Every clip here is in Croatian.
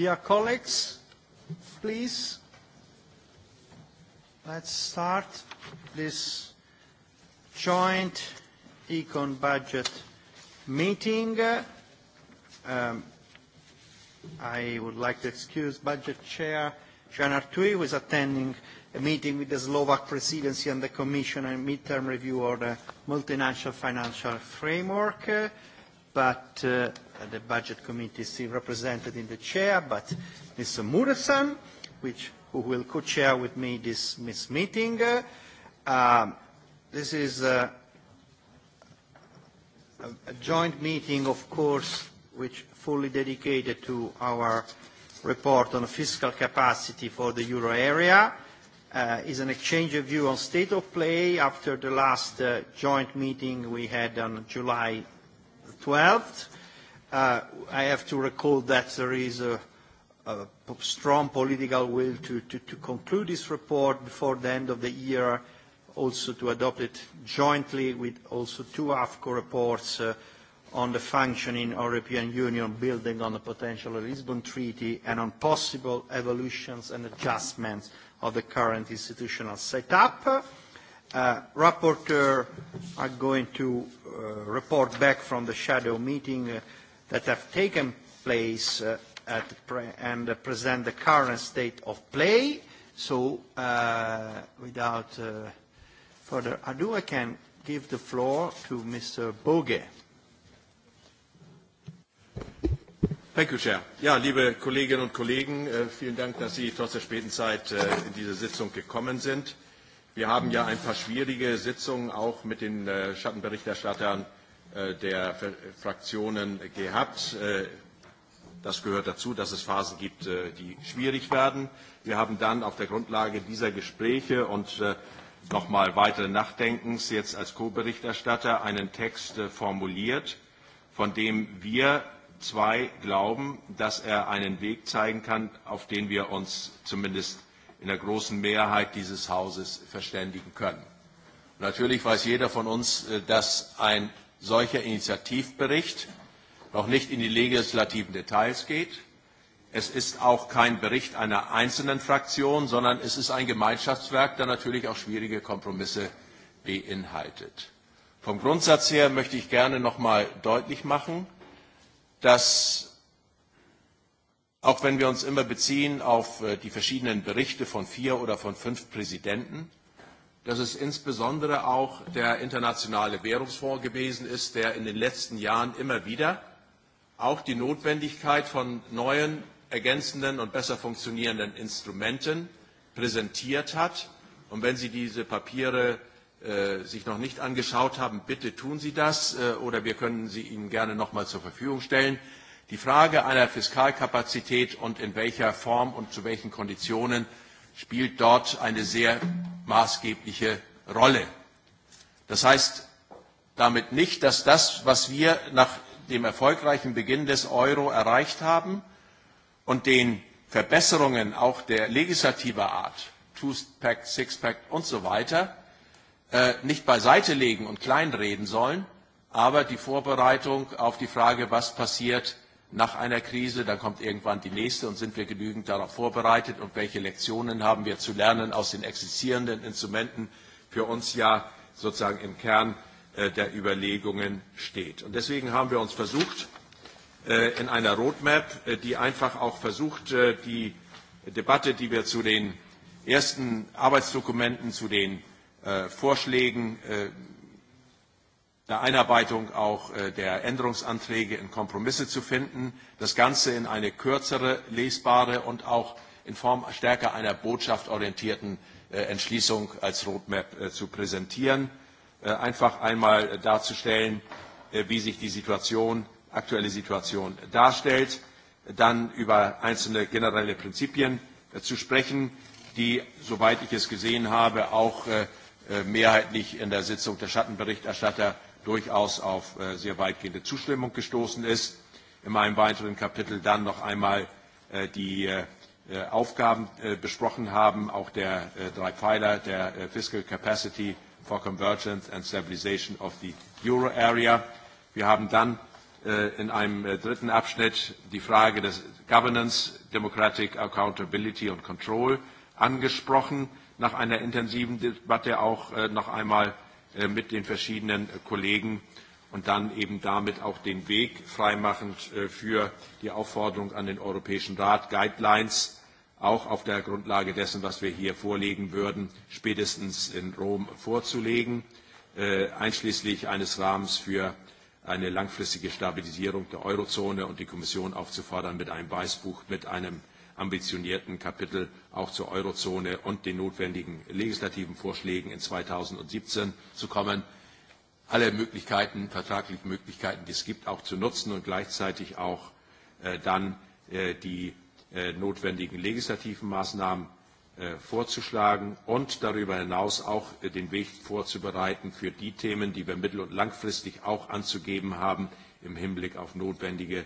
Dear colleagues, please, let's start this joint econ budget meeting. Um, I would like to excuse budget chair Jean Artui, who is attending a meeting with the Slovak presidency and the Commission on midterm review of the multinational financial framework, but uh, Uh, the budget committee is represented in the chair, but Mr. Muresan, which who will co-chair with me this, this meeting. Uh, um, this is uh, a, joint meeting, of course, which fully dedicated to our report on fiscal capacity for the euro area. Uh, is an exchange of view on state of play after the last uh, joint meeting we had on July 12th. Uh, I have to recall that there is a, strong political will to, to, to conclude this report before the end of the year, also to adopt it jointly with also two AFCO reports uh, on the functioning of European Union building on the potential of the Lisbon Treaty and on possible evolutions and adjustments of the current institutional setup. Uh, rapporteurs are going to uh, report back from the shadow meeting that have taken place uh, at pre and uh, present the current state of play. So uh, without uh, further ado, I can give the floor to Mr. Boge. Thank you, Chair. Ja, liebe Kolleginnen und Kollegen, äh, vielen Dank, dass Sie trotz der späten Zeit äh, in diese Sitzung gekommen sind. Wir haben ja ein paar schwierige Sitzungen auch mit den äh, Schattenberichterstattern Äh, der Fraktionen gehabt. Äh, das gehört dazu, dass es Phasen gibt, äh, die schwierig werden. Wir haben dann auf der Grundlage dieser Gespräche und nochmal weiteren Nachdenkens jetzt als Ko berichterstatter einen Text formuliert, von dem wir zwei glauben, dass er einen Weg zeigen kann, auf den wir uns zumindest in der großen Mehrheit dieses Hauses verständigen können. Natürlich weiß jeder von uns, dass ein solcher Initiativbericht noch nicht in die legislativen Details geht. Es ist auch kein Bericht einer einzelnen Fraktion, sondern es ist ein Gemeinschaftswerk, das natürlich auch schwierige Kompromisse beinhaltet. Vom Grundsatz her möchte ich gerne noch einmal deutlich machen, dass auch wenn wir uns immer beziehen auf äh, die verschiedenen Berichte von vier oder von fünf Präsidenten, dass es insbesondere auch der internationale Währungsfonds gewesen ist, der in den letzten Jahren immer wieder auch die Notwendigkeit von neuen, ergänzenden und besser funktionierenden Instrumenten präsentiert hat. Und wenn Sie diese Papiere äh, sich noch nicht angeschaut haben, bitte tun Sie das äh, oder wir können sie Ihnen gerne noch mal zur Verfügung stellen. Die Frage einer Fiskalkapazität und in welcher Form und zu welchen Konditionen spielt dort eine sehr maßgebliche Rolle. Das heißt damit nicht, dass das, was wir nach dem erfolgreichen Beginn des Euro erreicht haben und den Verbesserungen auch der legislativer Art, Two-Pack, Six-Pack und so weiter, äh, nicht beiseite legen und kleinreden sollen, aber die Vorbereitung auf die Frage, was passiert, nach einer Krise, dann kommt irgendwann die nächste und sind wir genügend darauf vorbereitet und welche Lektionen haben wir zu lernen aus den existierenden Instrumenten für uns ja sozusagen im Kern äh, der Überlegungen steht. Und deswegen haben wir uns versucht, äh, in einer Roadmap, äh, die einfach auch versucht, die Debatte, die wir zu den ersten Arbeitsdokumenten, zu den Vorschlägen der Einarbeitung auch äh, der Änderungsanträge in Kompromisse zu finden, das Ganze in eine kürzere, lesbare und auch in Form stärker einer Botschaft orientierten äh, Entschließung als Roadmap äh, zu präsentieren, einfach einmal darzustellen, wie sich die Situation, aktuelle Situation darstellt, dann über einzelne generelle Prinzipien zu sprechen, die, soweit ich es gesehen habe, auch mehrheitlich in der Sitzung der Schattenberichterstatter durchaus auf äh, sehr weitgehende Zustimmung gestoßen ist. In meinem weiteren Kapitel dann noch einmal äh, die äh, Aufgaben besprochen haben, auch der drei Pfeiler der Fiscal Capacity for Convergence and Stabilization of the Euro Area. Wir haben dann in einem dritten Abschnitt die Frage des Governance, Democratic Accountability und Control angesprochen, nach einer intensiven Debatte auch noch einmal Äh, mit den verschiedenen äh, Kollegen und dann eben damit auch den Weg freimachend äh, für die Aufforderung an den Europäischen Rat, Guidelines auch auf der Grundlage dessen, was wir hier vorlegen würden, spätestens in Rom vorzulegen, einschließlich eines Rahmens für eine langfristige Stabilisierung der Eurozone und die Kommission aufzufordern, mit einem Weißbuch, mit einem ambitionierten Kapitel auch zur Eurozone und den notwendigen legislativen Vorschlägen in 2017 zu kommen, alle Möglichkeiten, vertraglichen Möglichkeiten, die es gibt, auch zu nutzen und gleichzeitig auch äh, dann äh, die äh, notwendigen legislativen Maßnahmen vorzuschlagen und darüber hinaus auch den Weg vorzubereiten für die Themen, die wir mittel- und langfristig auch anzugeben haben im Hinblick auf notwendige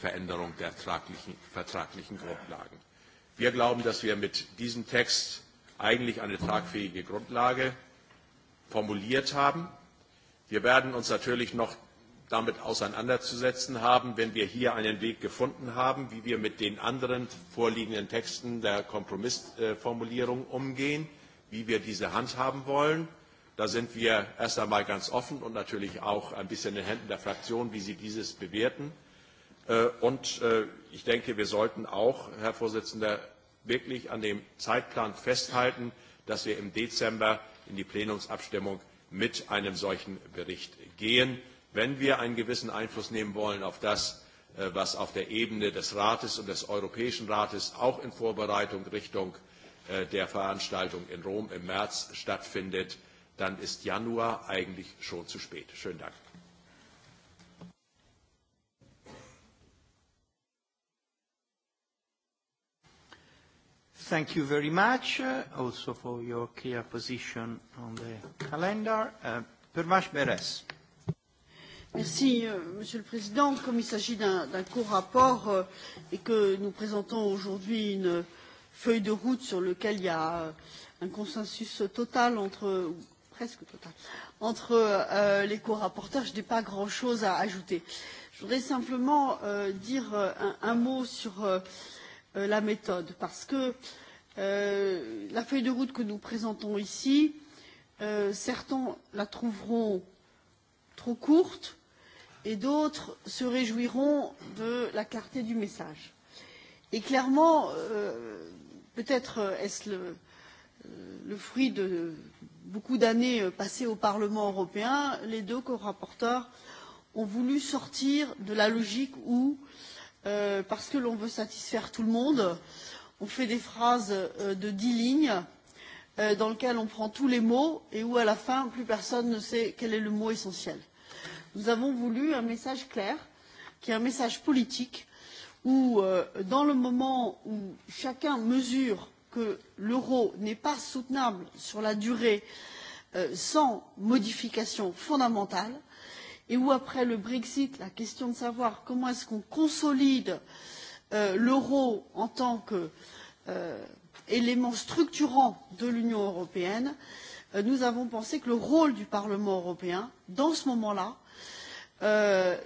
Veränderung der vertraglichen Grundlagen. Wir glauben, dass wir mit diesem Text eigentlich eine tragfähige Grundlage formuliert haben. Wir werden uns natürlich noch damit auseinanderzusetzen haben, wenn wir hier einen Weg gefunden haben, wie wir mit den anderen vorliegenden Texten der Kompromissformulierung umgehen, wie wir diese handhaben wollen. Da sind wir erst einmal ganz offen und natürlich auch ein bisschen in den Händen der Fraktion, wie sie dieses bewerten. Äh, und äh, ich denke, wir sollten auch, Herr Vorsitzender, wirklich an dem Zeitplan festhalten, dass wir im Dezember in die Plenumsabstimmung mit einem solchen Bericht gehen. Wenn wir einen gewissen Einfluss nehmen wollen auf das, äh, was auf der Ebene des Rates und des Europäischen Rates auch in Vorbereitung Richtung der Veranstaltung in Rom im März stattfindet, dann ist Januar eigentlich schon zu spät. Dank. thank you very much uh, also for your clear position on the calendar. Uh, Beres. Merci, euh, Monsieur le Président. Comme il s'agit d'un court rapport euh, et que nous présentons aujourd'hui une feuille de route sur laquelle il y a euh, un consensus total entre, ou presque total, entre les co-rapporteurs, je n'ai pas grand-chose à ajouter. Je voudrais simplement dire un mot sur la méthode parce que Euh, la feuille de route que nous présentons ici, euh, certains la trouveront trop courte et d'autres se réjouiront de la clarté du message. Et clairement, euh, peut-être est-ce le, euh, le fruit de beaucoup d'années passées au Parlement européen, les deux co-rapporteurs ont voulu sortir de la logique où, euh, parce que l'on veut satisfaire tout le monde, on fait des phrases euh, de dix lignes euh, dans lesquelles on prend tous les mots et où à la fin plus personne ne sait quel est le mot essentiel. nous avons voulu un message clair qui est un message politique où euh, dans le moment où chacun mesure que l'euro n'est pas soutenable sur la durée sans modification fondamentale et où après le brexit la question de savoir comment est ce qu'on consolide Euh, l'euro en tant qu'élément euh, structurant de l'union européenne euh, nous avons pensé que le rôle du parlement européen dans ce moment là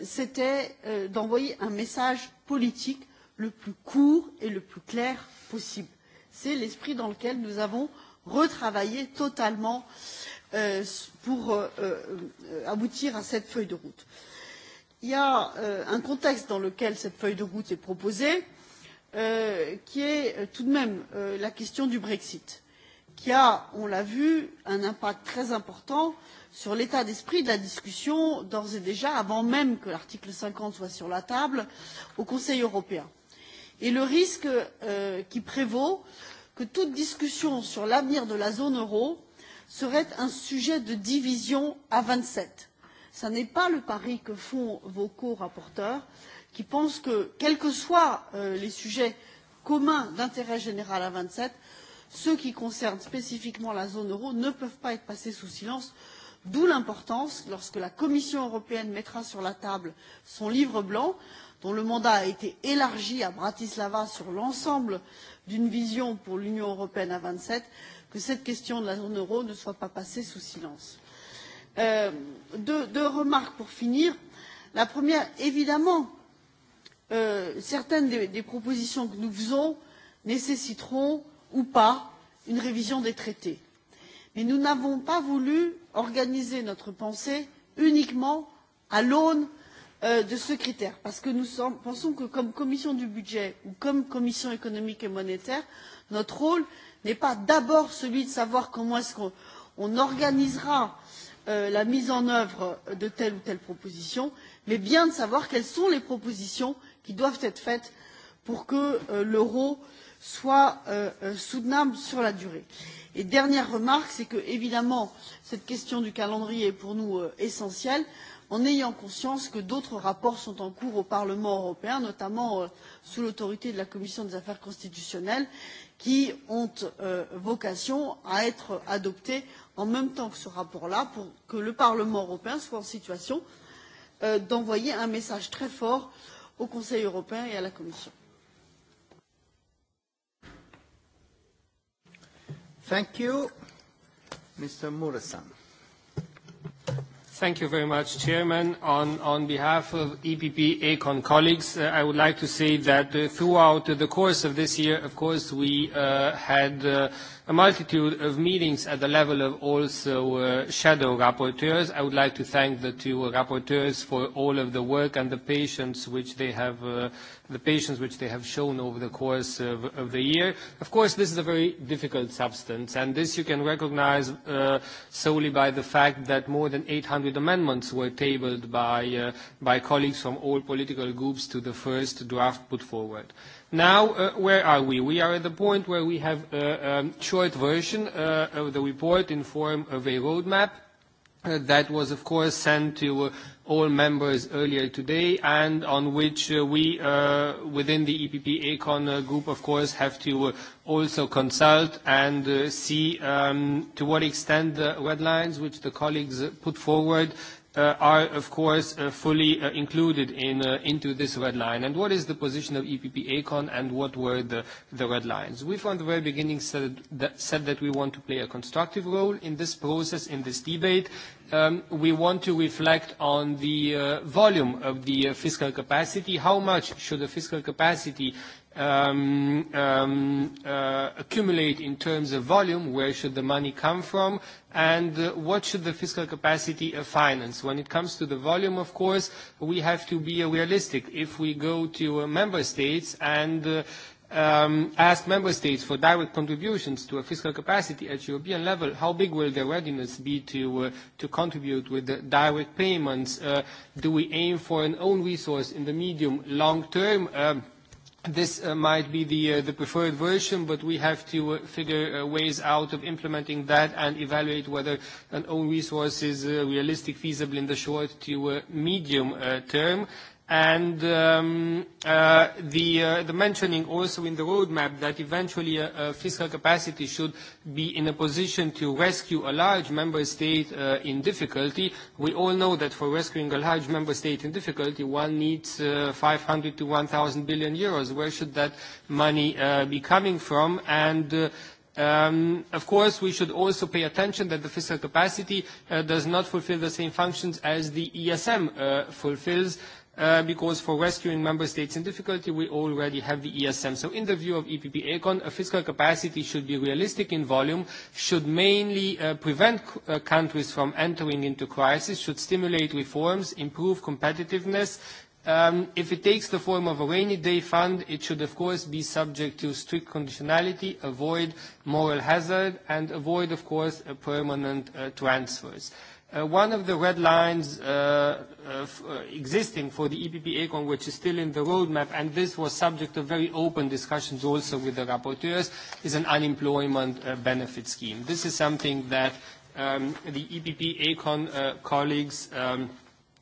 c'était d'envoyer un message politique le plus court et le plus clair possible. c'est l'esprit dans lequel nous avons retravaillé totalement pour aboutir à cette feuille de route il y a euh, un contexte dans lequel cette feuille de route est proposée euh, qui est euh, tout de même la question du brexit qui a on l'a vu un impact très important sur l'état d'esprit de la discussion d'ores et déjà avant même que l'article cinquante soit sur la table au conseil européen et le risque qui prévaut que toute discussion sur l'avenir de la zone euro serait un sujet de division à vingt sept ce n'est pas le pari que font vos corapporteurs qui pensent que quels que soient euh, les sujets communs d'intérêt général à vingt sept ceux qui concernent spécifiquement la zone euro ne peuvent pas être passés sous silence d'où l'importance lorsque la commission européenne mettra sur la table son livre blanc dont le mandat a été élargi à bratislava sur l'ensemble d'une vision pour l'union européenne à vingt sept que cette question de la zone euro ne soit pas passée sous silence. Euh, deux, remarques pour finir. La première, évidemment, euh, certaines des, propositions que nous faisons nécessiteront ou pas une révision des traités. Mais nous n'avons pas voulu organiser notre pensée uniquement à l'aune euh, de ce critère, parce que nous pensons que comme commission du budget ou comme commission économique et monétaire, notre rôle n'est pas d'abord celui de savoir comment est on organisera Euh, la mise en œuvre de telle ou telle proposition mais bien de savoir quelles sont les propositions qui doivent être faites pour que euh, l'euro soit euh, soutenable sur la durée. Et dernière remarque c'est que évidemment cette question du calendrier est pour nous essentielle en ayant conscience que d'autres rapports sont en cours au parlement européen notamment sous l'autorité de la commission des affaires constitutionnelles qui ont vocation à être adoptés en même temps que ce rapport là pour que le parlement européen soit en situation euh, d'envoyer un message très fort au conseil européen et à la commission. Thank you. Mr. Muresan. Thank you very much, Chairman. On, on behalf of EPP ACON colleagues, uh, I would like to say that uh, throughout uh, the course of this year, of course, we uh, had uh, a multitude of meetings at the level of also uh, shadow rapporteurs. I would like to thank the two rapporteurs for all of the work and the patience which they have, uh, the patience which they have shown over the course of, of the year. Of course, this is a very difficult substance, and this you can recognize uh, solely by the fact that more than 800 amendments were tabled by, uh, by colleagues from all political groups to the first draft put forward. Now, uh, where are we? We are at the point where we have a uh, um, short version uh, of the report in form of a roadmap uh, that was, of course, sent to all members earlier today and on which we, within the EPP Econ group, of course, have to also consult and see um, to what extent the red lines which the colleagues put forward Uh, are, of course, uh, fully uh, included in into this red line. And what is the position of EPP ACON, and what were the, the red lines? We, from the very beginning, said that, said that we want to play a constructive role in this process, in this debate. Um, we want to reflect on the volume of the fiscal capacity. How much should the fiscal capacity Um, um, uh, accumulate in terms of volume? Where should the money come from? And uh, what should the fiscal capacity of finance? When it comes to the volume, of course, we have to be realistic. If we go to uh, member states and um, ask member states for direct contributions to a fiscal capacity at European level, how big will their readiness be to, to contribute with the direct payments? do we aim for an own resource in the medium long term? Um, This uh, might be the, uh, the preferred version, but we have to uh, figure ways out of implementing that and evaluate whether an own resource is realistic, feasible in the short to medium term and um, uh, uh, the, mentioning also in the roadmap that eventually a uh, fiscal capacity should be in a position to rescue a large member state in difficulty. We all know that for rescuing a large member state in difficulty, one needs EUR 500 to 1,000 billion euros. Where should that money be coming from? And um, of course, we should also pay attention that the fiscal capacity does not fulfill the same functions as the ESM fulfills, Uh, because for rescuing member states in difficulty, we already have the ESM. So in the view of EPP Econ, a fiscal capacity should be realistic in volume, should mainly uh, prevent uh, countries from entering into crisis, should stimulate reforms, improve competitiveness. Um, if it takes the form of a rainy day fund, it should of course be subject to strict conditionality, avoid moral hazard, and avoid of course permanent transfers. Uh, one of the red lines uh, uh, existing for the EPP ACON, which is still in the roadmap, and this was subject of very open discussions also with the rapporteurs, is an unemployment benefit scheme. This is something that um, the EPP ACON colleagues um,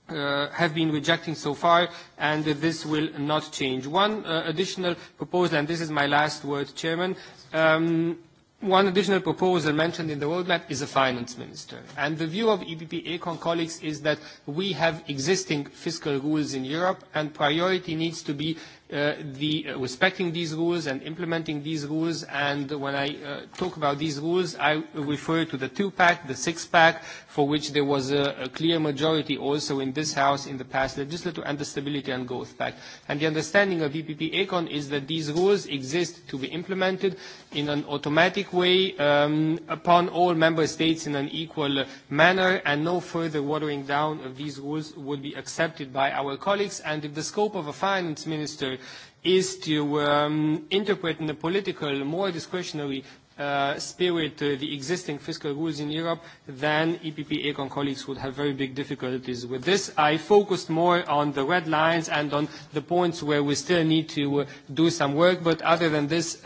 Uh, have been rejecting so far, and uh, this will not change. One uh, additional proposal, and this is my last word, Chairman. Um, one additional proposal mentioned in the roadmap is a finance minister. And the view of EPP Econ colleagues is that we have existing fiscal rules in Europe and priority needs to be Uh, the uh, respecting these rules and implementing these rules. And when I uh, talk about these rules, I refer to the two-pack, the six-pack, for which there was a, clear majority also in this House in the past legislature, and the Stability and Growth Pact. And the understanding of EPP ECON is that these rules exist to be implemented in an automatic way um, upon all member states in an equal manner, and no further watering down of these rules would be accepted by our colleagues. And if the scope of a finance minister is to um, interpret in a political, more discretionary uh, spirit uh, the existing fiscal rules in Europe, then EPP Econ colleagues would have very big difficulties with this. I focused more on the red lines and on the points where we still need to uh, do some work, but other than this,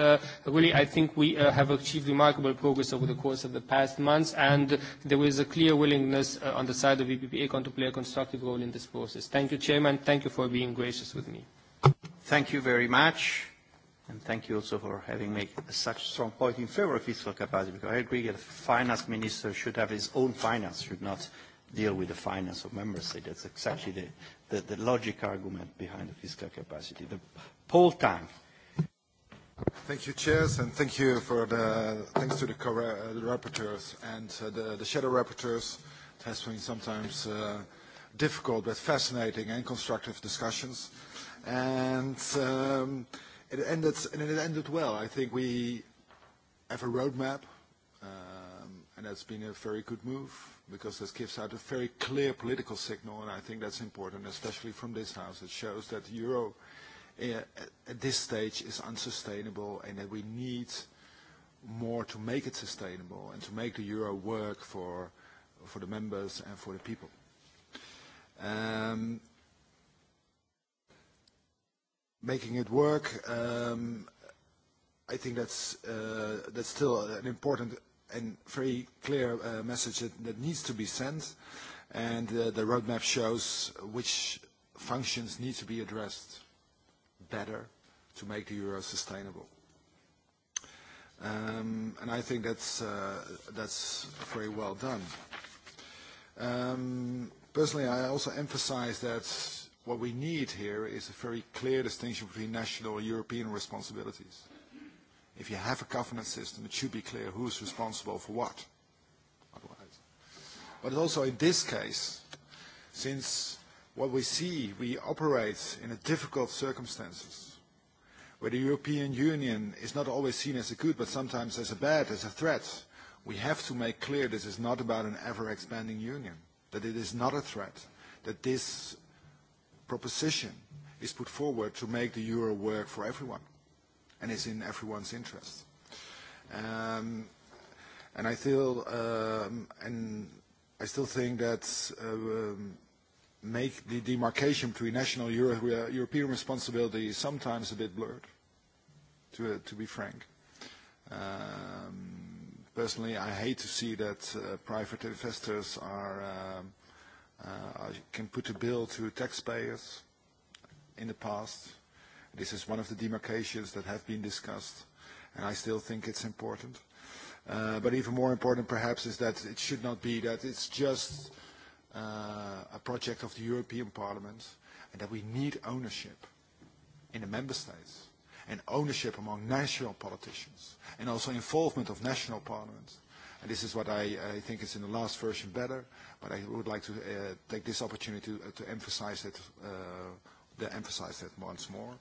really I think we have achieved remarkable progress over the course of the past months, and there is a clear willingness on the side of EPP Econ to play a constructive role in this process. Thank you, Chairman. Thank you for being gracious with me. Thank you very much. And thank you also for having made such a strong point in favor of fiscal capacity, because I agree that a finance minister should have his own finance, should not deal with the finance of member states. That's exactly the, the, the logic argument behind the fiscal capacity. The poll time. Thank you, Chairs, and thank you for the thanks to the, uh, the rapporteurs and uh, the, the shadow rapporteurs. It has been sometimes uh, difficult but fascinating and constructive discussions and um, it ended and it ended well. I think we have a roadmap, um, and that's been a very good move because this gives out a very clear political signal, and I think that's important, especially from this house. It shows that the euro eh, at this stage is unsustainable and that we need more to make it sustainable and to make the euro work for, for the members and for the people. Um, making it work. Um, I think that's, uh, that's still an important and very clear uh, message that, that needs to be sent. And uh, the roadmap shows which functions need to be addressed better to make the euro sustainable. Um, and I think that's, uh, that's very well done. Um, personally, I also emphasize that what we need here is a very clear distinction between national and European responsibilities. If you have a governance system, it should be clear who is responsible for what. Otherwise. But also in this case, since what we see, we operate in a difficult circumstances, where the European Union is not always seen as a good, but sometimes as a bad, as a threat, we have to make clear this is not about an ever-expanding union, that it is not a threat, that this proposition is put forward to make the euro work for everyone and is in everyone's interest. Um, and I still um, and I still think that um, make the demarcation between national Euro European responsibility is sometimes a bit blurred, to, uh, to be frank. Um, personally, I hate to see that uh, private investors are um, Uh, I can put a bill to taxpayers in the past. This is one of the demarcations that have been discussed, and I still think it's important. Uh, but even more important, perhaps, is that it should not be that it's just uh, a project of the European Parliament, and that we need ownership in the member states, and ownership among national politicians, and also involvement of national parliaments And this is what I, I think is in the last version better, but I would like to uh, take this opportunity to, uh, to emphasize it, uh, to emphasize that once more.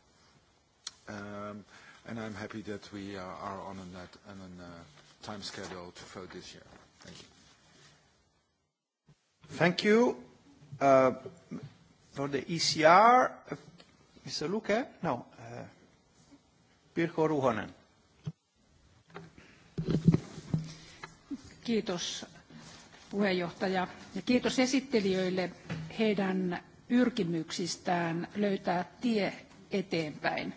Um, and I'm happy that we uh, are on a, net, on a uh, time schedule to vote this year. Thank you. Thank you. Uh, for the ECR, uh, Mr. Luke, No. Uh, Pirko Ruhonen. Kiitos puheenjohtaja ja kiitos esittelijöille heidän pyrkimyksistään löytää tie eteenpäin.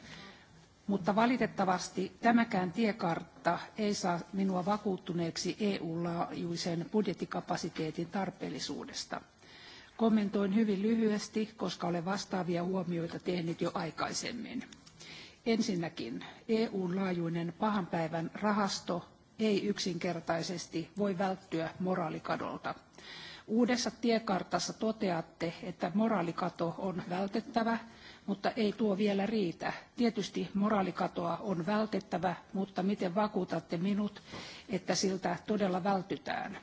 Mutta valitettavasti tämäkään tiekartta ei saa minua vakuuttuneeksi EU-laajuisen budjettikapasiteetin tarpeellisuudesta. Kommentoin hyvin lyhyesti, koska olen vastaavia huomioita tehnyt jo aikaisemmin. Ensinnäkin EUn laajuinen pahan päivän rahasto ei yksinkertaisesti voi välttyä moraalikadolta. Uudessa tiekartassa toteatte, että moraalikato on vältettävä, mutta ei tuo vielä riitä. Tietysti moraalikatoa on vältettävä, mutta miten vakuutatte minut, että siltä todella vältytään?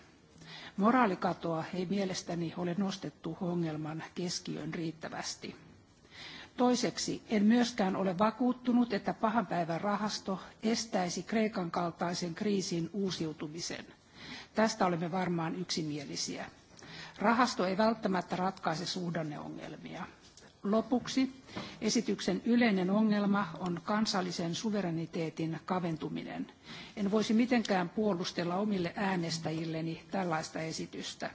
Moraalikatoa ei mielestäni ole nostettu ongelman keskiöön riittävästi toiseksi en myöskään ole vakuuttunut että pahan päivän rahasto estäisi kreikan kaltaisen kriisin uusiutumisen tästä olemme varmaan yksimielisiä. rahasto ei välttämättä ratkaise suhdanneongelmia. lopuksi esityksen yleinen ongelma on kansallisen suvereniteetin kaventuminen. en voisi mitenkään puolustella omille äänestäjilleni tällaista esitystä.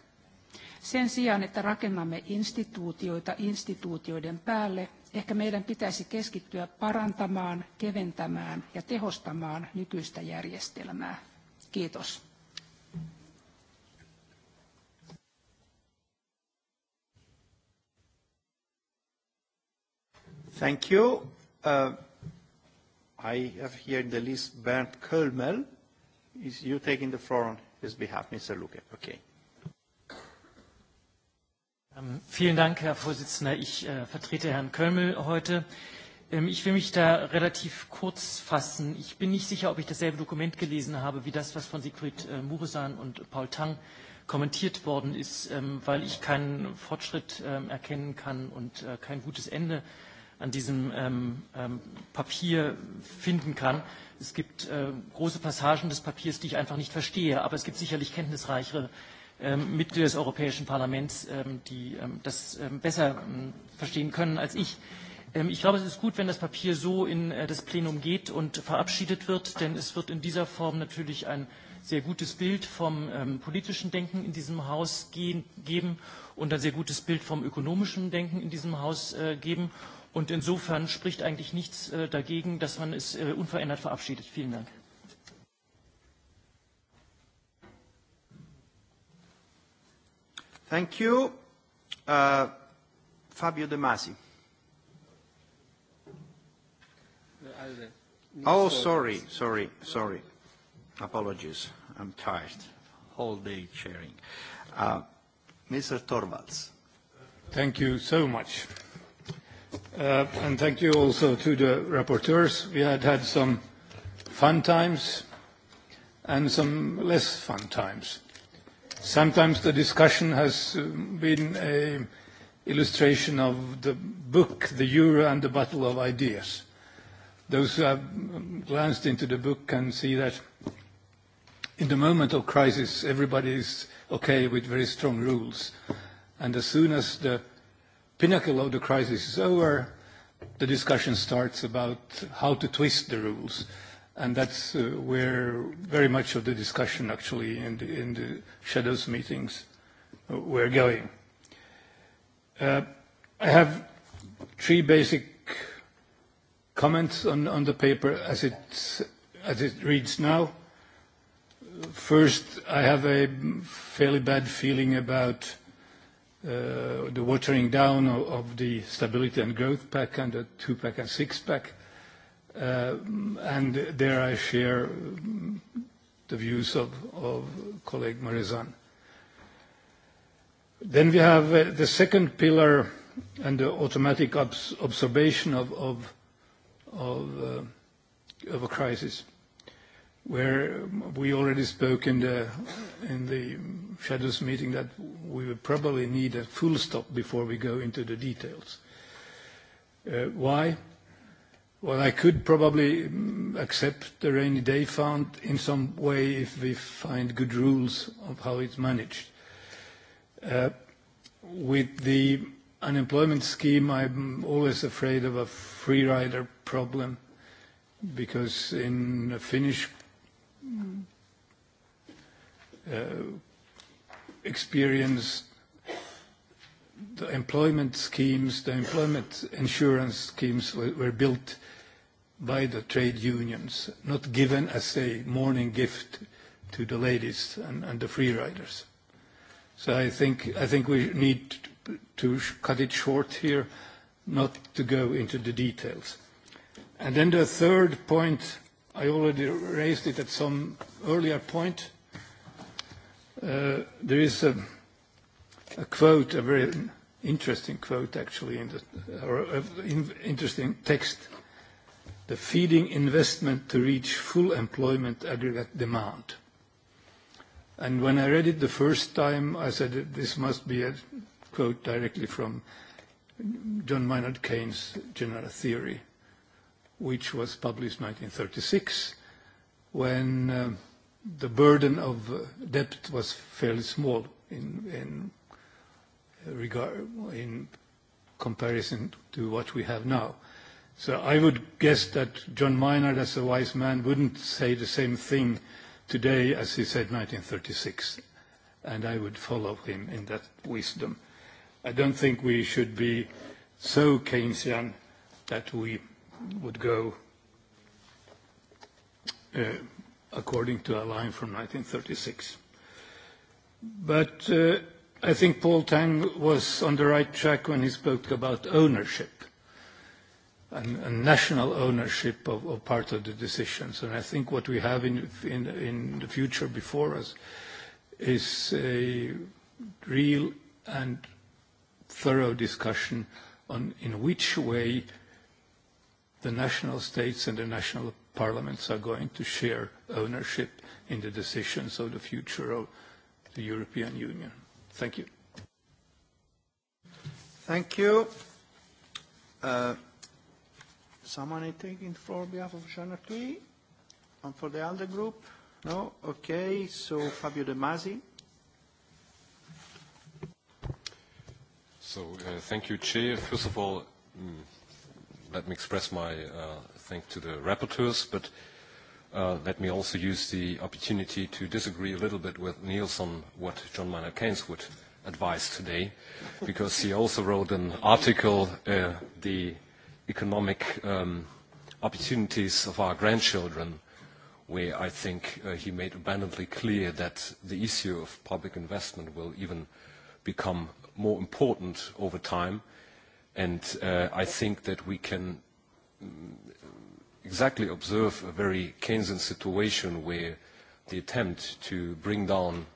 sen sijaan että rakennamme instituutioita instituutioiden päälle Ehkä meidän pitäisi keskittyä parantamaan, keventämään ja tehostamaan nykyistä järjestelmää. Kiitos. Thank you. Uh, I have here in the list Bernd Kölmel. Is you taking the floor on his behalf, Mr. Luke? Okay. Ähm, vielen Dank, Herr Vorsitzender. Ich äh, vertrete Herrn Kölmel heute. Ähm, ich will mich da relativ kurz fassen. Ich bin nicht sicher, ob ich dasselbe Dokument gelesen habe wie das, was von Siegfried äh, und Paul Tang kommentiert worden ist, ähm, weil ich keinen Fortschritt ähm, erkennen kann und äh, kein gutes Ende an diesem ähm, ähm, Papier finden kann. Es gibt äh, große Passagen des Papiers, die ich einfach nicht verstehe, aber es gibt sicherlich kenntnisreichere Ähm, Mitglieder des Europäischen Parlaments, ähm, die ähm, das besser verstehen können als ich. Ich glaube, es ist gut, wenn das Papier so in äh, das Plenum geht und verabschiedet wird, denn es wird in dieser Form natürlich ein sehr gutes Bild vom politischen Denken in diesem Haus geben und ein sehr gutes Bild vom ökonomischen Denken in diesem Haus äh, geben. Und insofern spricht eigentlich nichts äh, dagegen, dass man es unverändert verabschiedet. Vielen Dank. Thank you. Uh, Fabio De Masi. Uh, oh, sorry, sorry, sorry. Apologies. I'm tired. All day chairing. Uh, Mr. Torvalds. Thank you so much. and thank you also to the rapporteurs. We had had some fun times and some less fun times. Sometimes the discussion has uh, been an illustration of the book, The Euro and the Battle of Ideas. Those who have glanced into the book can see that in the moment of crisis, everybody is okay with very strong rules. And as soon as the pinnacle of the crisis is over, the discussion starts about how to twist the rules and that's uh, where very much of the discussion actually in the, in the shadows meetings uh, we're going. Uh, I have three basic comments on, on the paper as it, as it reads now. First, I have a fairly bad feeling about the watering down of, the stability and growth pack and the two pack and six pack Uh, and there I share mm, the views of, of colleague Marizan. Then we have uh, the second pillar and the automatic obs observation of, of, of, uh, of a crisis, where we already spoke in the, in the shadows meeting that we would probably need a full stop before we go into the details. Uh, why? Well, I could probably mm, accept the rainy day fund in some way if we find good rules of how it's managed. Uh, with the unemployment scheme, I'm always afraid of a free rider problem because in a Finnish mm, uh, experience, the employment schemes, the employment insurance schemes were, were built by the trade unions, not given as a morning gift to the ladies and, and the free riders. So I think, I think we need to cut it short here, not to go into the details. And then the third point, I already raised it at some earlier point. Uh, there is a, a quote, a very interesting quote actually, in the, or interesting text the feeding investment to reach full employment aggregate demand. And when I read it the first time, I said this must be a quote directly from John Maynard Keynes' General Theory, which was published in 1936, when um, the burden of uh, debt was fairly small in, in, regard, in comparison to what we have now. So I would guess that John Maynard, as a wise man, wouldn't say the same thing today as he said 1936, and I would follow him in that wisdom. I don't think we should be so Keynesian that we would go uh, according to a line from 1936. But uh, I think Paul Tang was on the right track when he spoke about ownership national ownership of, of part of the decisions. And I think what we have in, in, in the future before us is a real and thorough discussion on in which way the national states and the national parliaments are going to share ownership in the decisions of the future of the European Union. Thank you. Thank you. Uh, Someone is taking the floor on behalf of Jean Artui? And for the other group? No? Okay. So Fabio De Masi. So uh, thank you, Chair. First of all, mm, let me express my uh, thanks to the rapporteurs, but uh, let me also use the opportunity to disagree a little bit with Niels on what John Maynard Keynes would advise today, because he also wrote an article, uh, the economic um, opportunities of our grandchildren, where I think uh, he made abundantly clear that the issue of public investment will even become more important over time. And uh, I think that we can mm, exactly observe a very Keynesian situation where the attempt to bring down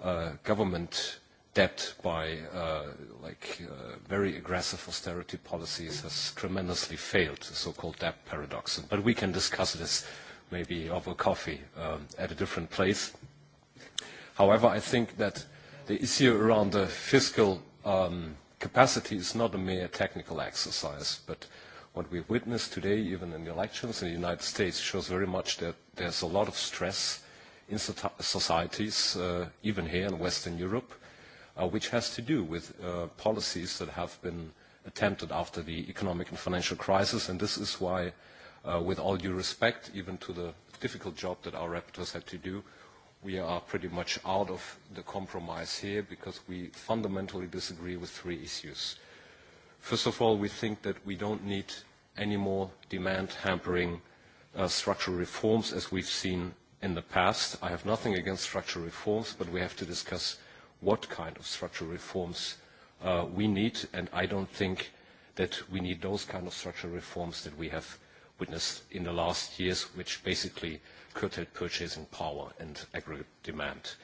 uh, government debt by uh, like uh, very aggressive austerity policies has tremendously failed, the so-called debt paradox. But we can discuss this maybe over coffee um, at a different place. However, I think that the issue around the fiscal um, capacity is not a mere technical exercise, but what we witnessed today, even in the elections in the United States, shows very much that there's a lot of stress in societies, uh, even here in Western Europe, Uh, which has to do with uh, policies that have been attempted after the economic and financial crisis. And this is why, uh, with all due respect, even to the difficult job that our rapporteurs had to do, we are pretty much out of the compromise here because we fundamentally disagree with three issues. First of all, we think that we don't need any more demand-hampering structural reforms as we've seen in the past. I have nothing against structural reforms, but we have to discuss what kind of structural reforms uh, we need, and I don't think that we need those kind of structural reforms that we have witnessed in the last years, which basically curtailed purchasing power and aggregate demand.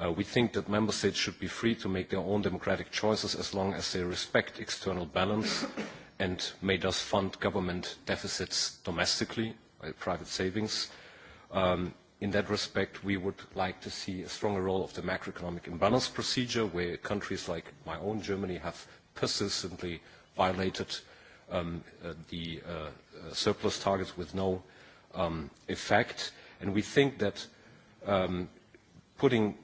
Uh, we think that member states should be free to make their own democratic choices as long as they respect external balance and may thus fund government deficits domestically, by uh, private savings, um, in that respect, we would like to see a stronger role of the macroeconomic imbalance procedure, where countries like my own Germany have persistently violated um, uh, the uh, uh, surplus targets with no um, effect. And we think that um, putting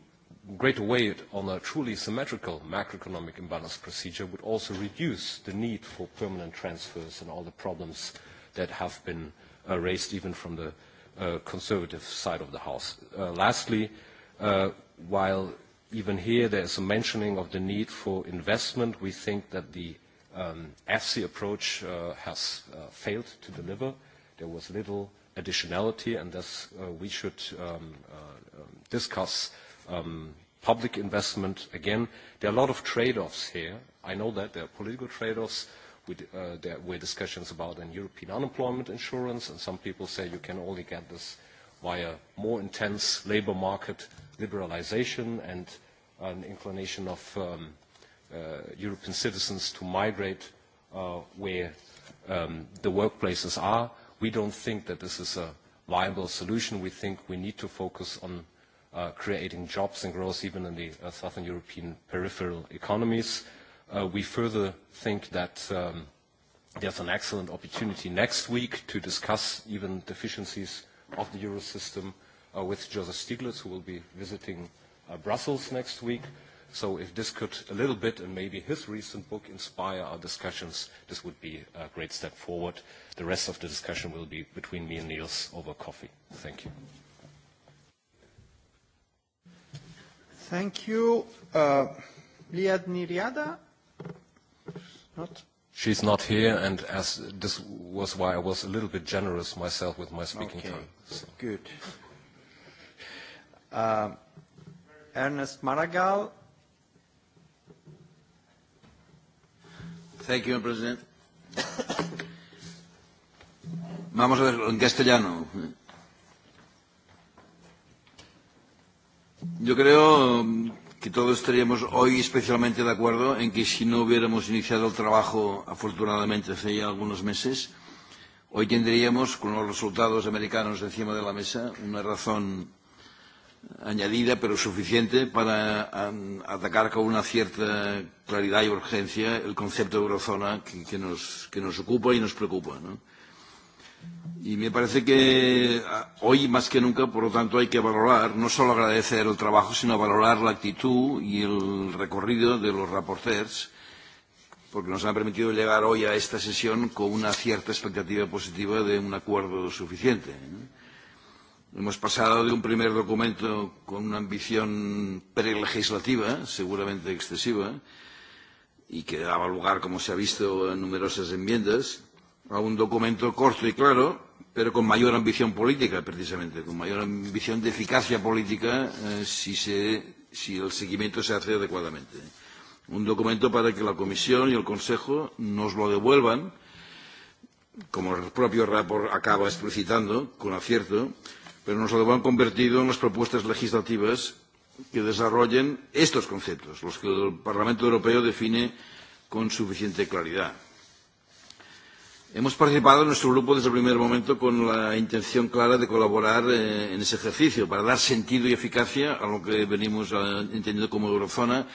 greater weight on a truly symmetrical macroeconomic imbalance procedure would also reduce the need for permanent transfers and all the problems that have been raised even from the Uh, conservative side of the house. Uh, lastly, uh, while even here there is a mentioning of the need for investment, we think that the um, approach uh, has uh, failed to deliver. There was little additionality, and thus uh, we should um, uh, um, discuss um, public investment again. There are a lot of trade-offs here. I know that there are political trade-offs, We, uh, there were discussions about an European unemployment insurance, and some people say you can only get this via more intense labor market liberalization and an inclination of um, uh, European citizens to migrate uh, where um, the workplaces are. We don't think that this is a viable solution. We think we need to focus on uh, creating jobs and growth even in the uh, southern European peripheral economies. Uh, we further think that um, there's an excellent opportunity next week to discuss even deficiencies of the euro system uh, with Joseph Stiglitz, who will be visiting uh, Brussels next week. So if this could a little bit, and maybe his recent book, inspire our discussions, this would be a great step forward. The rest of the discussion will be between me and Niels over coffee. Thank you. Thank you. Liad Not? She's not here, and as this was why I was a little bit generous myself with my speaking okay. time. So. Good. Uh, Ernest Maragall. Thank you, President. Vamos a ver en castellano. Yo creo que todos estaríamos hoy especialmente de acuerdo en que si no hubiéramos iniciado el trabajo, afortunadamente, hace ya algunos meses, hoy tendríamos, con los resultados americanos encima de la mesa, una razón eh, añadida pero suficiente para um, atacar con una cierta claridad y urgencia el concepto de eurozona que, que, nos, que nos ocupa y nos preocupa. ¿no? Y me parece que ah, hoy más que nunca, por lo tanto, hay que valorar, no solo agradecer el trabajo, sino valorar la actitud y el recorrido de los rapporteurs, porque nos han permitido llegar hoy a esta sesión con una cierta expectativa positiva de un acuerdo suficiente. Hemos pasado de un primer documento con una ambición prelegislativa, seguramente excesiva, y que daba lugar, como se ha visto, a numerosas enmiendas, a un documento corto y claro, pero con mayor ambición política, precisamente, con mayor ambición de eficacia política eh, si, se, si el seguimiento se hace adecuadamente. Un documento para que la Comisión y el Consejo nos lo devuelvan, como el propio rapport acaba explicitando, con acierto, pero nos lo han convertido en las propuestas legislativas que desarrollen estos conceptos, los que el Parlamento Europeo define con suficiente claridad Hemos participado en nuestro grupo desde el primer momento con la intención clara de colaborar eh, en ese ejercicio para dar sentido y eficacia a lo que venimos eh, entendiendo como eurozona,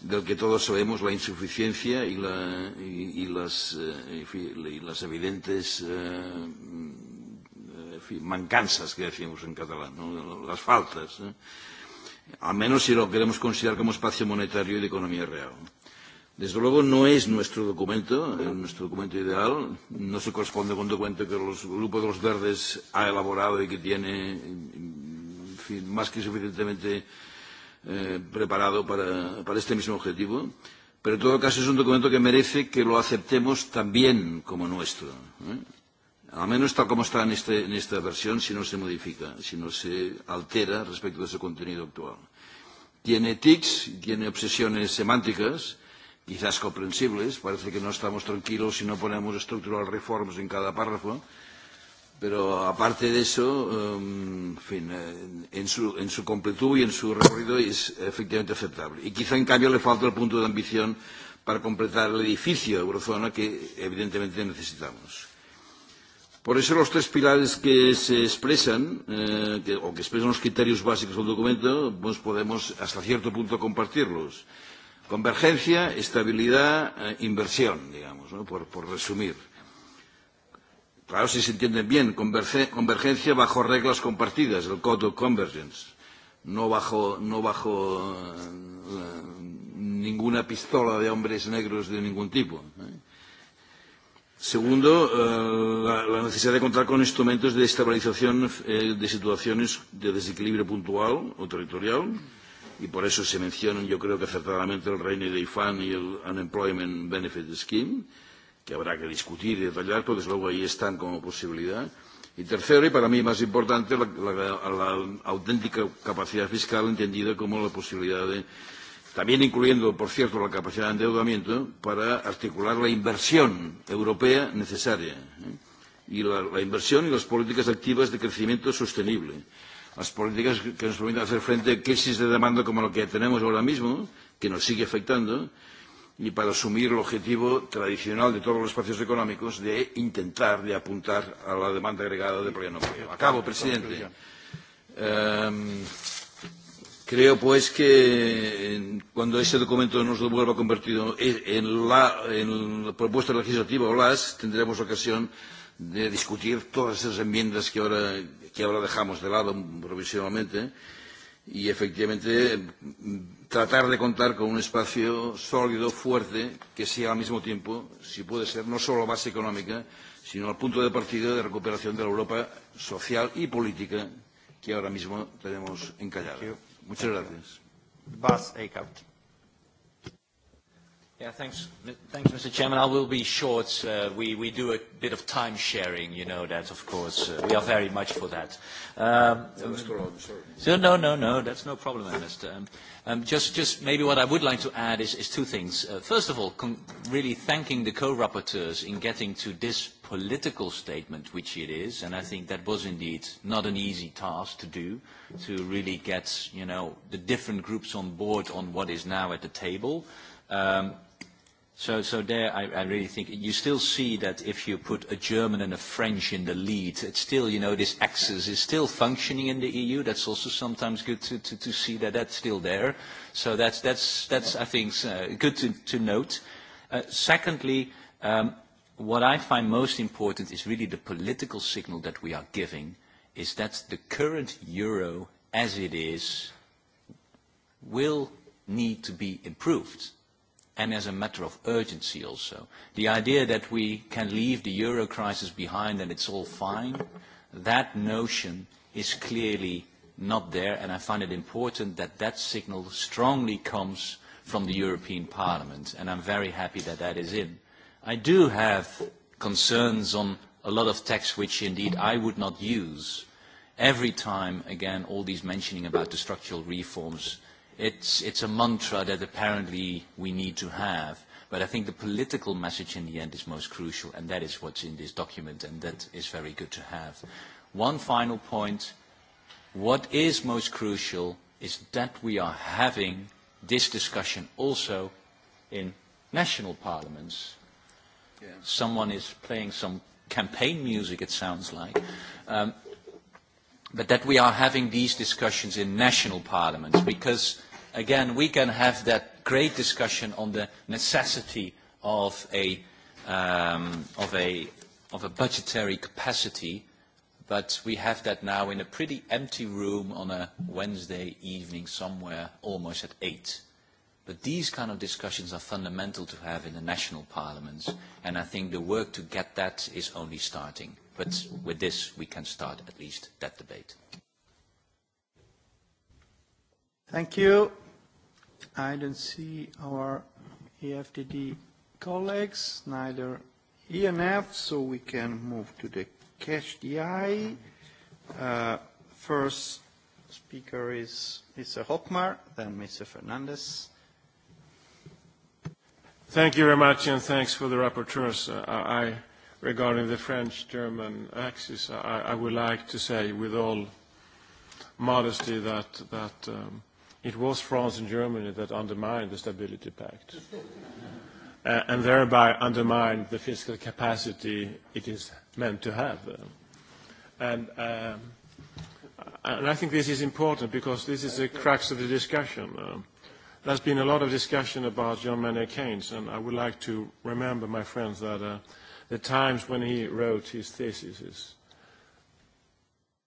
del que todos sabemos la insuficiencia y, la, y, y las, eh, y las evidentes mm, en fin, mancanzas que decimos en catalán, ¿no? las faltas, ¿eh? al menos si lo queremos considerar como espacio monetario y de economía real. Desde luego no es nuestro documento, nuestro documento ideal, no se corresponde con un documento que los, el Grupo de los Verdes ha elaborado y que tiene en fin, más que suficientemente eh, preparado para, para este mismo objetivo, pero en todo caso es un documento que merece que lo aceptemos también como nuestro. ¿eh? Al menos tal como está en, este, en esta versión, si no se modifica, si no se altera respecto de su contenido actual. Tiene tics, tiene obsesiones semánticas, quizás comprensibles, parece que no estamos tranquilos si no ponemos estructural reforms en cada párrafo, pero aparte de eso, um, en fin, en su, en su completud y en su recorrido es efectivamente aceptable. Y quizá en cambio le falta el punto de ambición para completar el edificio de eurozona que evidentemente necesitamos. Por eso los tres pilares que se expresan, eh, que, o que expresan los criterios básicos del documento, pues podemos hasta cierto punto compartirlos Convergencia, estabilidad, eh, inversión, digamos, ¿no? por, por resumir. Claro, si se entienden bien, convergencia bajo reglas compartidas, el Code of Convergence, no bajo, no bajo la, eh, ninguna pistola de hombres negros de ningún tipo. ¿eh? Segundo, la, la necesidad de contar con instrumentos de estabilización eh, de situaciones de desequilibrio puntual o territorial y por eso se mencionan yo creo que acertadamente el Reino de Fund y el Unemployment Benefit Scheme, que habrá que discutir y detallar, pero desde luego ahí están como posibilidad. Y tercero, y para mí más importante, la, la, auténtica capacidad fiscal entendida como la posibilidad de, también incluyendo, por cierto, la capacidad de endeudamiento, para articular la inversión europea necesaria. ¿eh? Y la inversión y las políticas activas de crecimiento sostenible las políticas que nos permitan hacer frente a crisis de demanda como la que tenemos ahora mismo, que nos sigue afectando, y para asumir el objetivo tradicional de todos los espacios económicos de intentar, de apuntar a la demanda agregada de pleno empleo. Acabo, presidente. Um, creo, pues, que cuando ese documento nos lo vuelva convertido en la, en la propuesta legislativa o las, tendremos ocasión de discutir todas esas enmiendas que ahora que ahora dejamos de lado provisionalmente, y efectivamente tratar de contar con un espacio sólido, fuerte, que sea al mismo tiempo, si puede ser, no solo base económica, sino el punto de partida de recuperación de la Europa social y política que ahora mismo tenemos encallada. Muchas gracias. Yeah, thanks, thanks, Mr. Chairman. I will be short. Uh, we, we do a bit of time sharing, you know that, of course. Uh, we are very much for that. Um, so no, no, no, that's no problem, uh, Ernest. Um, um, just, just maybe what I would like to add is, is two things. first of all, con really thanking the co-rapporteurs in getting to this political statement, which it is, and I think that was indeed not an easy task to do, to really get, you know, the different groups on board on what is now at the table. Um, So, there, I, I really think you still see that if you put a German and a French in the lead, it's still, you know, this axis is still functioning in the EU. That's also sometimes good to, to, to see that that's still there. So that's, that's, that's I think, uh, good to, note. Uh, secondly, um, what I find most important is really the political signal that we are giving is that the current euro as it is will need to be improved and as a matter of urgency also. The idea that we can leave the euro crisis behind and it's all fine, that notion is clearly not there, and I find it important that that signal strongly comes from the European Parliament, and I'm very happy that that is in. I do have concerns on a lot of texts which indeed I would not use every time, again, all these mentioning about the structural reforms it's, it's a mantra that apparently we need to have. But I think the political message in the end is most crucial, and that is what's in this document, and that is very good to have. One final point. What is most crucial is that we are having this discussion also in national parliaments. Yeah. Someone is playing some campaign music, it sounds like. Um, but that we are having these discussions in national parliaments, because again, we can have that great discussion on the necessity of a, um, of a, of a budgetary capacity, but we have that now in a pretty empty room on a Wednesday evening somewhere, almost at 8. But these kind of discussions are fundamental to have in the national parliaments, and I think the work to get that is only starting. But with this, we can start at least that debate. Thank you. I don't see our EFTD colleagues, neither ENF, so we can move to the Cash DI. Uh, first speaker is Mr. Hochmar, then Mr. Fernandez. Thank you very much, and thanks for the rapporteurs. Uh, I, regarding the French-German axis, I, would like to say with all modesty that, that um, it was France and Germany that undermined the Stability Pact uh, and thereby undermined the fiscal capacity it is meant to have. And, um, and I think this is important because this is the crux of the discussion. Uh, there's been a lot of discussion about John Manet Keynes, and I would like to remember, my friends, that uh, the times when he wrote his thesis is,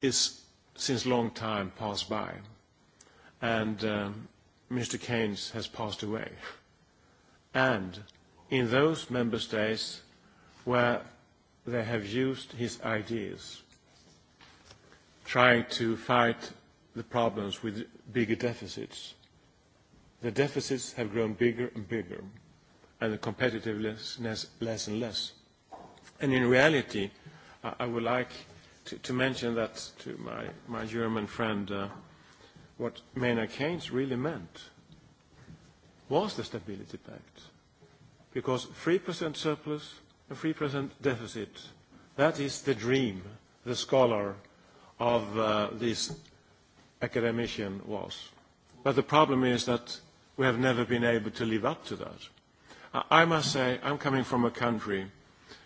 is since long time passed by and um, Mr. Keynes has passed away. And in those member states where they have used his ideas, trying to fight the problems with bigger deficits, the deficits have grown bigger and bigger, and the competitiveness less and less. And in reality, I would like to, to mention that to my, my German friend, uh, what Maynard Keynes really meant was the Stability Pact. Because 3% surplus and 3% deficit, that is the dream the scholar of uh, this academician was. But the problem is that we have never been able to live up to that. I must say, I'm coming from a country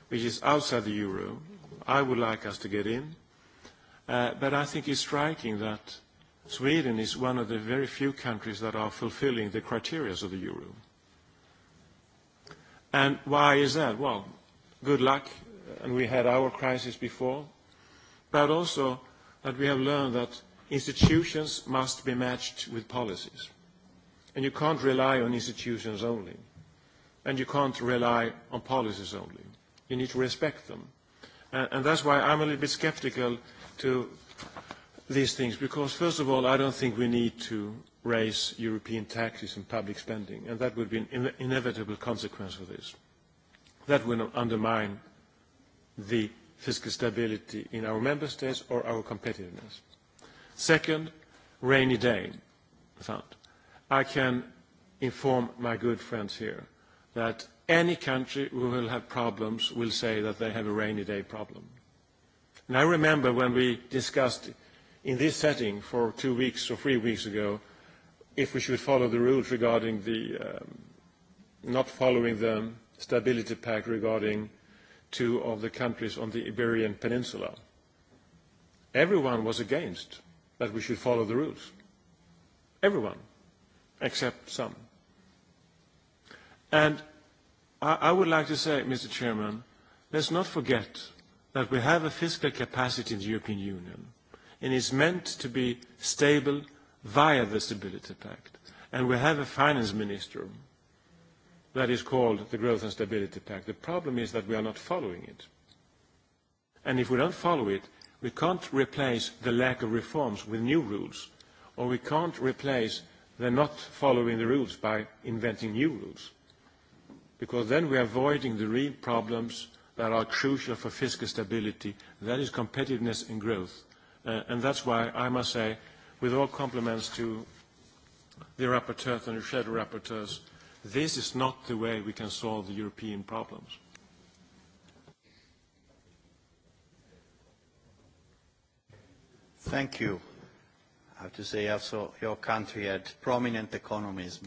which is outside the euro. I would like us to get in. Uh, but I think it's striking that Sweden is one of the very few countries that are fulfilling the criteria of the euro. And why is that? Well, good luck, and we had our crisis before, but also that we have learned that institutions must be matched with policies. And you can't rely on institutions only. And you can't rely on policies only. You need to respect them. And, and that's why I'm a little bit skeptical to these things because, first of all, I don't think we need to raise European taxes and public spending, and that would be an inevitable consequence of this. That would undermine the fiscal stability in our member states or our competitiveness. Second, rainy day fund. I can inform my good friends here that any country who will have problems will say that they have a rainy day problem. And I remember when we discussed in this setting for two weeks or three weeks ago if we should follow the rules regarding the um, not following the stability pact regarding two of the countries on the Iberian Peninsula. Everyone was against that we should follow the rules. Everyone, except some. And I, I would like to say, Mr. Chairman, let's not forget that we have a fiscal capacity in the European Union – and is meant to be stable via the Stability Pact. And we have a finance minister that is called the Growth and Stability Pact. The problem is that we are not following it. And if we don't follow it, we can't replace the lack of reforms with new rules, or we can't replace the not following the rules by inventing new rules, because then we are avoiding the real problems that are crucial for fiscal stability, that is competitiveness and growth. Uh, and that's why I must say, with all compliments to the rapporteurs and the shadow rapporteurs, this is not the way we can solve the European problems. Thank you. I have to say also your country had prominent economies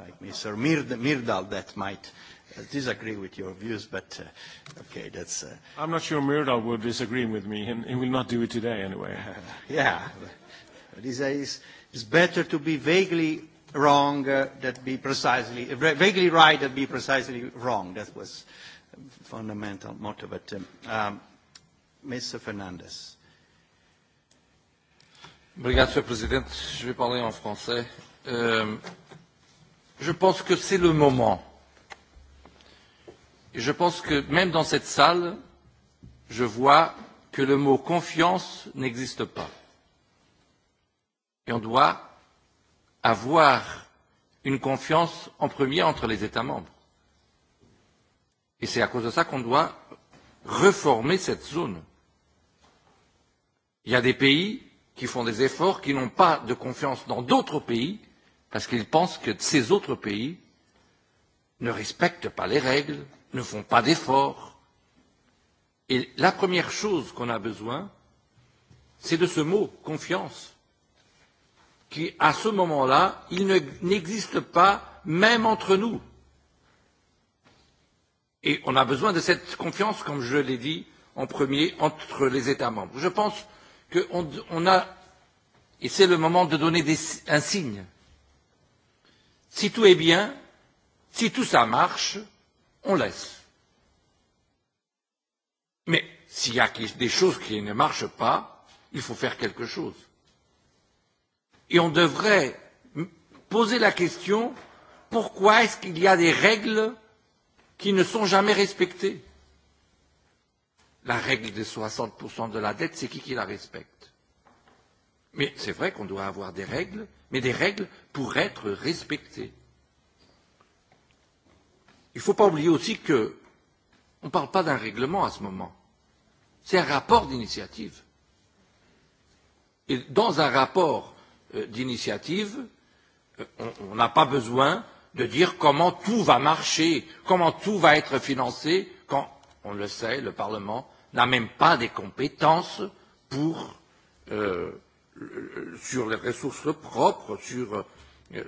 like Mr. Mirdal that might disagree with your views, but uh, okay, that's. Uh, I'm not sure Myrdal will disagree with me, and he will not do it today anyway. yeah, but is, it's better to be vaguely wrong uh, than be precisely vaguely right than be precisely wrong. That was fundamental motto. But um, um, Mr. Fernandez. Obrigado, Sr. Presidente. Je vais parler en français. Euh, je pense que c'est le moment je pense que même dans cette salle, je vois que le mot confiance n'existe pas. Et on doit avoir une confiance en premier entre les États membres. Et c'est à cause de ça qu'on doit reformer cette zone. Il y a des pays qui font des efforts, qui n'ont pas de confiance dans d'autres pays, parce qu'ils pensent que ces autres pays ne respectent pas les règles, ne font pas d'efforts. Et la première chose qu'on a besoin, c'est de ce mot, confiance, qui, à ce moment-là, il n'existe ne, pas, même entre nous. Et on a besoin de cette confiance, comme je l'ai dit en premier, entre les États membres. Je pense qu'on on a, et c'est le moment de donner des, un signe. Si tout est bien, si tout ça marche, on laisse. Mais s'il y a des choses qui ne marchent pas, il faut faire quelque chose. Et on devrait poser la question pourquoi est-ce qu'il y a des règles qui ne sont jamais respectées La règle de 60% de la dette, c'est qui qui la respecte Mais c'est vrai qu'on doit avoir des règles, mais des règles pour être respectées. Il ne faut pas oublier aussi que on ne parle pas d'un règlement à ce moment. C'est un rapport d'initiative. Et dans un rapport euh, d'initiative, euh, on n'a pas besoin de dire comment tout va marcher, comment tout va être financé, quand, on le sait, le Parlement n'a même pas des compétences pour, euh, sur les ressources propres, sur euh,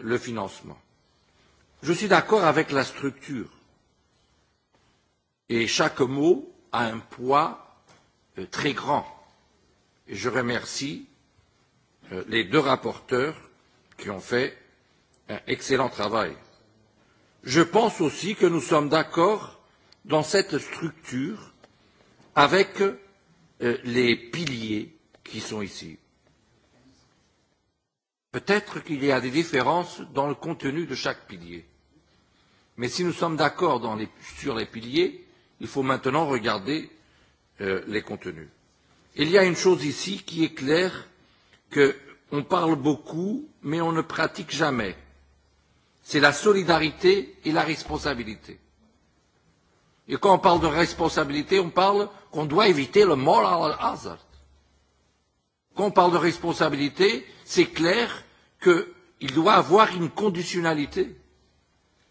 le financement. Je suis d'accord avec la structure et chaque mot a un poids euh, très grand. Et je remercie euh, les deux rapporteurs qui ont fait un excellent travail. Je pense aussi que nous sommes d'accord dans cette structure avec euh, les piliers qui sont ici. Peut-être qu'il y a des différences dans le contenu de chaque pilier. Mais si nous sommes d'accord sur les piliers, Il faut maintenant regarder euh, les contenus. Il y a une chose ici qui est claire, qu'on parle beaucoup, mais on ne pratique jamais. C'est la solidarité et la responsabilité. Et quand on parle de responsabilité, on parle qu'on doit éviter le moral hazard. Quand on parle de responsabilité, c'est clair qu'il doit avoir une conditionnalité.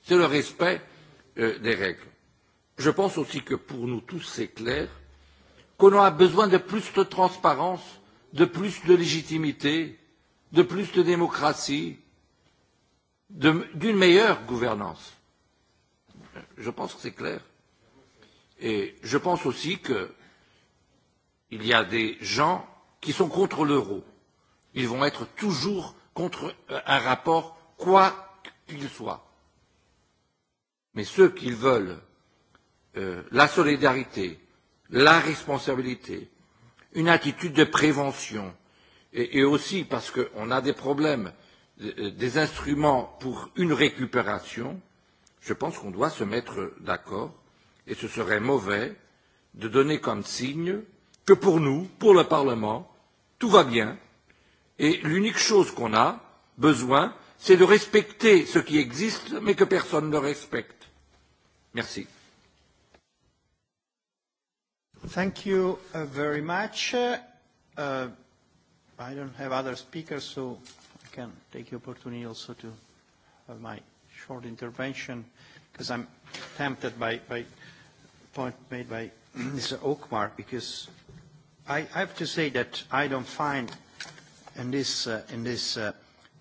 C'est le respect euh, des règles. Je pense aussi que pour nous tous, c'est clair qu'on a besoin de plus de transparence, de plus de légitimité, de plus de démocratie, d'une meilleure gouvernance. Je pense que c'est clair. Et je pense aussi qu'il y a des gens qui sont contre l'euro. Ils vont être toujours contre euh, un rapport, quoi qu'il soit. Mais ceux qu'ils veulent Euh, la solidarité, la responsabilité, une attitude de prévention, et, et aussi parce qu'on a des problèmes, euh, euh, des instruments pour une récupération, je pense qu'on doit se mettre d'accord, et ce serait mauvais de donner comme signe que pour nous, pour le Parlement, tout va bien, et l'unique chose qu'on a besoin, c'est de respecter ce qui existe, mais que personne ne respecte. Merci. Thank you uh, very much. Uh, uh, I don't have other speakers, so I can take the opportunity also to have my short intervention because I'm tempted by by point made by Mr. Oakmark, because I, I have to say that I don't find in this uh, in this uh,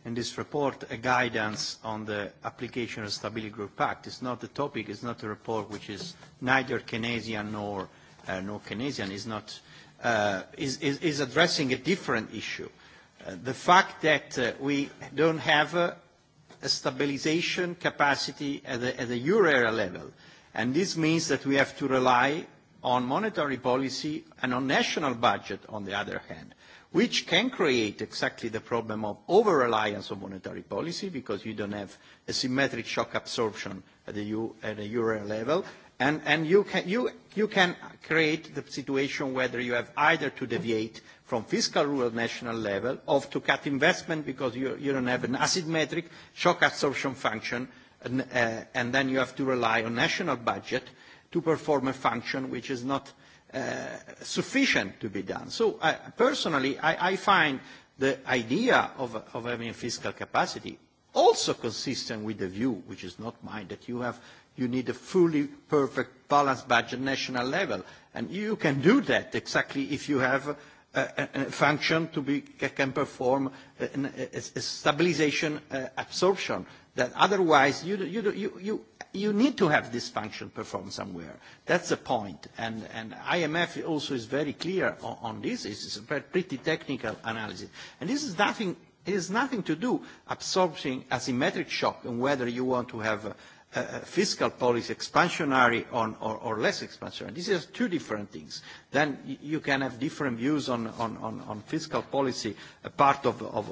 in this report a guidance on the application of the Stability Group Pact. It's not the topic, it's not a report which is neither Keynesian nor uh, nor Keynesian, is, not, uh, is, is, addressing a different issue. Uh, the fact that uh, we don't have a stabilization capacity at the, at the euro area level, and this means that we have to rely on monetary policy and on national budget on the other hand which can create exactly the problem of over-reliance on monetary policy because you don't have a symmetric shock absorption at the euro level, And, you, can, create the situation whether you have either to deviate from fiscal rule at national level or to cut investment because you, you don't have an asymmetric shock absorption function uh, and, then you have to rely on national budget to perform a function which is not uh, sufficient to be done. So uh, personally, I, I find the idea of, of having fiscal capacity also consistent with the view, which is not mine, that you have You need a fully perfect balanced budget national level. And you can do that exactly if you have a, a function to be, can perform a, a, stabilization uh, absorption. That otherwise, you, you, you, you, need to have this function performed somewhere. That's the point. And, and IMF also is very clear on, on this. It's a pretty technical analysis. And this is nothing, it has nothing to do absorbing asymmetric shock and whether you want to have a, fiscal policy expansionary or, or less expansionary. These are two different things. Then you can have different views on, on, on, on fiscal policy a part of, of,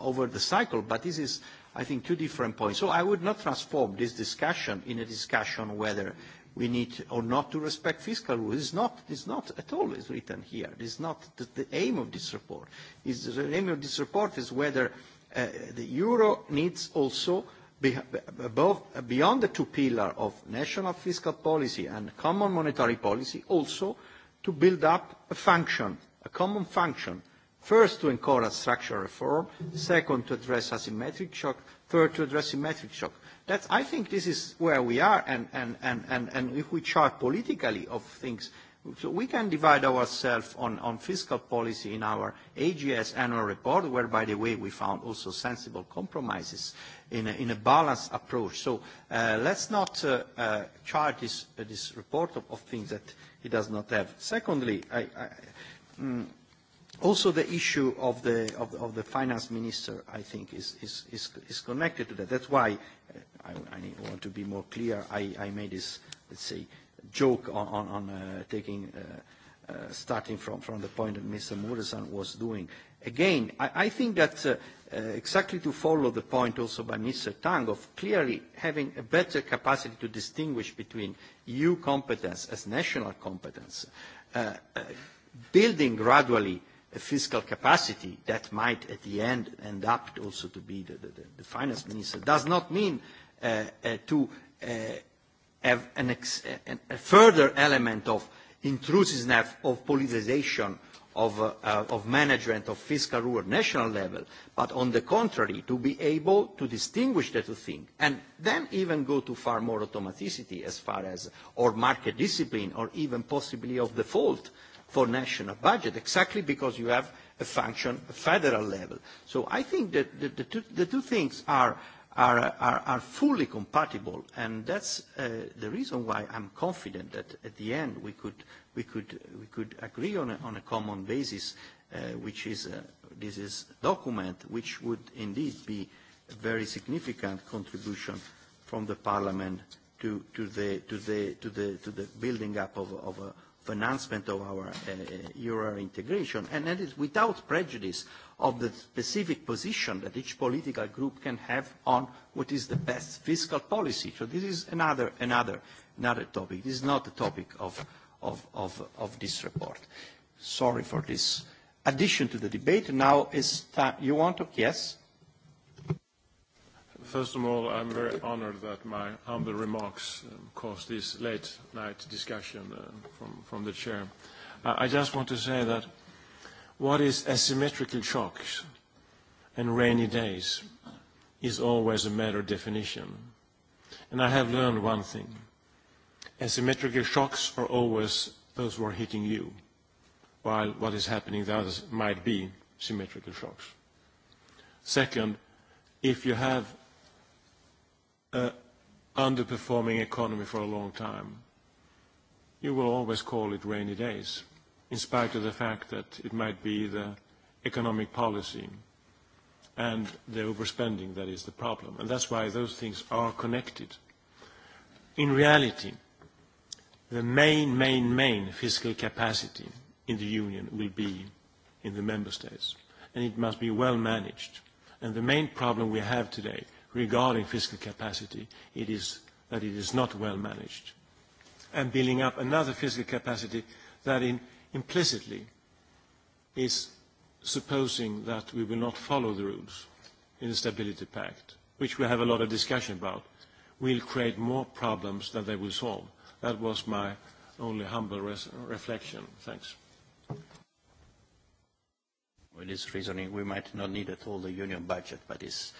over the cycle, but this is, I think, two different points. So I would not transform this discussion in a discussion whether we need or not to respect fiscal rules. It's not, it's not at all is written here. It's not the, aim of this report. It's, the aim of this report is whether uh, the euro needs also above, beyond the two pillars of national fiscal policy and common monetary policy, also to build up a function, a common function, first to encourage structural reform, second to address asymmetric shock, third to address symmetric shock. That's, I think this is where we are, and, and, and, and, and if we chart politically of things, So we can divide ourselves on, on fiscal policy in our AGS annual report, where, by the way, we found also sensible compromises in a, in a balanced approach. So uh, let's not uh, uh charge this, uh, this report of, things that it does not have. Secondly, I, mm, also the issue of the, of, the finance minister, I think, is, is, is, is connected to that. That's why I, I want to be more clear. I, I made this, let's say, joke on, on, uh, taking, uh, uh, starting from, from the point that Mr. Muresan was doing. Again, I, I think that exactly to follow the point also by Mr. Tang of clearly having a better capacity to distinguish between EU competence as national competence, building gradually a fiscal capacity that might at the end end up also to be the, the, the finance minister does not mean to uh, have an a further element of intrusiveness of politicization uh, of, management of fiscal rule at national level, but on the contrary, to be able to distinguish the two things, and then even go to far more automaticity as far as, or market discipline, or even possibly of default for national budget, exactly because you have a function at federal level. So I think that the, the two things are are, are, are fully compatible. And that's uh, the reason why I'm confident that at the end we could, we could, we could agree on a, on a common basis, uh, which is uh, this is document which would indeed be a very significant contribution from the Parliament to, to, the, to, the, to, the, to the building up of, of, a, financement of our uh, euro integration, and that is without prejudice of the specific position that each political group can have on what is the best fiscal policy. So this is another, another, topic. This is not the topic of, of, of, of this report. Sorry for this addition to the debate. Now is time. You want to? Yes? First of all, I'm very honored that my humble remarks um, caused this late-night discussion uh, from, from the chair. I, I just want to say that what is asymmetrical shocks and rainy days is always a matter of definition. And I have learned one thing. Asymmetrical shocks are always those who are hitting you, while what is happening to others might be symmetrical shocks. Second, if you have Uh, underperforming economy for a long time. You will always call it rainy days, in spite of the fact that it might be the economic policy and the overspending that is the problem. And that's why those things are connected. In reality, the main, main, main fiscal capacity in the Union will be in the Member States, and it must be well managed. And the main problem we have today regarding fiscal capacity, it is that it is not well managed, and building up another fiscal capacity that in, implicitly is supposing that we will not follow the rules in the Stability Pact, which we have a lot of discussion about, will create more problems than they will solve. That was my only humble reflection. Thanks. With this reasoning, we might not need at all the union budget, but it's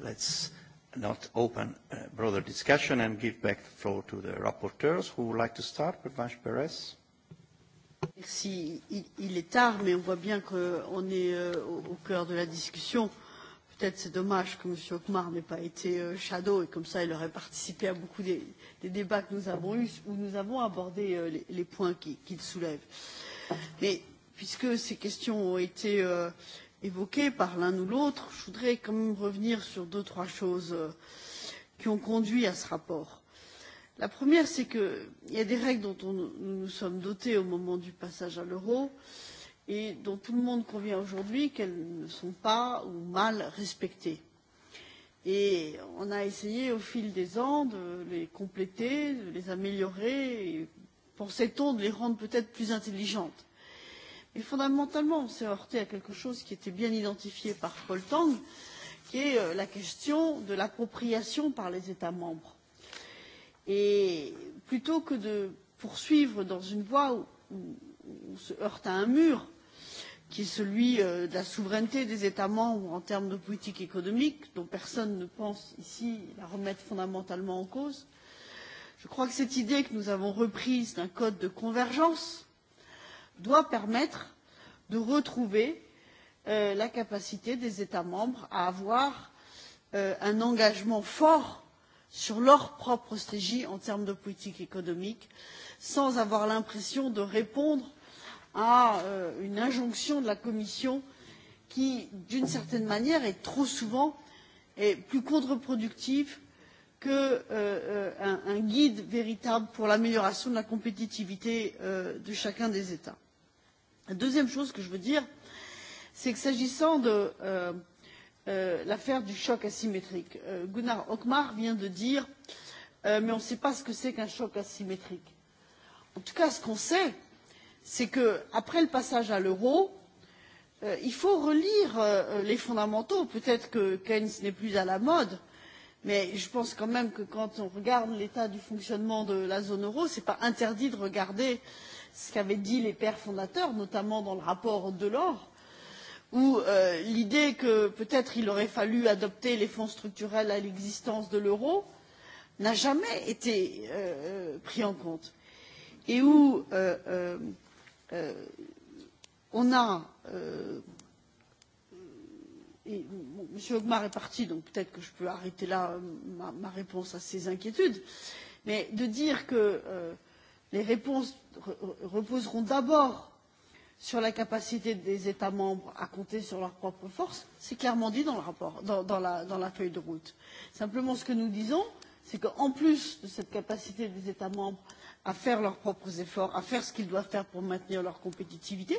let's not open a uh, broader discussion and give back the floor to the rapporteurs who would like to start. Perez. Merci. Il, est tard, mais on voit bien qu'on est euh, au cœur de la discussion. Peut-être c'est dommage que M. Okmar n'ait pas été euh, shadow et comme ça il aurait participé à beaucoup des, des débats que nous avons eus où nous avons abordé euh, les, les points qu'il qui soulève. Mais puisque ces questions ont été évoquées par l'un ou l'autre, je voudrais quand même revenir sur deux, trois choses euh, qui ont conduit à ce rapport. La première, c'est qu'il y a des règles dont on, nous nous sommes dotés au moment du passage à l'euro et dont tout le monde convient aujourd'hui qu'elles ne sont pas ou mal respectées. Et on a essayé au fil des ans de les compléter, de les améliorer, et pensait-on de les rendre peut-être plus intelligentes. Et fondamentalement on s'est heurté à quelque chose qui était bien identifié par paul tang qui est euh, la question de l'appropriation par les états membres et plutôt que de poursuivre dans une voie où on se heurte à un mur qui est celui euh, de la souveraineté des états membres en termes de politique économique dont personne ne pense ici la remettre fondamentalement en cause je crois que cette idée que nous avons reprise d'un code de convergence doit permettre de retrouver euh, la capacité des états membres à avoir euh, un engagement fort sur leur propre stratégie en termes de politique économique sans avoir l'impression de répondre à euh, une injonction de la commission qui d'une certaine manière et trop souvent est plus contreproductive qu'un euh, euh, un guide véritable pour l'amélioration de la compétitivité euh, de chacun des États. La deuxième chose que je veux dire, c'est que s'agissant de l'affaire du choc asymétrique, Gunnar Hockmar vient de dire mais on ne sait pas ce que c'est qu'un choc asymétrique. En tout cas, ce qu'on sait, c'est qu'après le passage à l'euro, il faut relire les fondamentaux. Peut être que Keynes n'est plus à la mode, mais je pense quand même que quand on regarde l'état du fonctionnement de la zone euro ce n'est pas interdit de regarder ce qu'avaient dit les pères fondateurs notamment dans le rapport delors où euh, l'idée que peut être il aurait fallu adopter les fonds structurels à l'existence de l'euro n'a jamais été euh, en compte et où euh, euh, euh on a euh, et bon, M. Hogmar est parti, donc peut-être que je peux arrêter là euh, ma, ma réponse à ces inquiétudes, mais de dire que euh, les réponses reposeront d'abord sur la capacité des États membres à compter sur leurs propres forces, c'est clairement dit dans le rapport, dans, dans, la, dans la feuille de route. Simplement, ce que nous disons, c'est qu'en plus de cette capacité des États membres à faire leurs propres efforts, à faire ce qu'ils doivent faire pour maintenir leur compétitivité,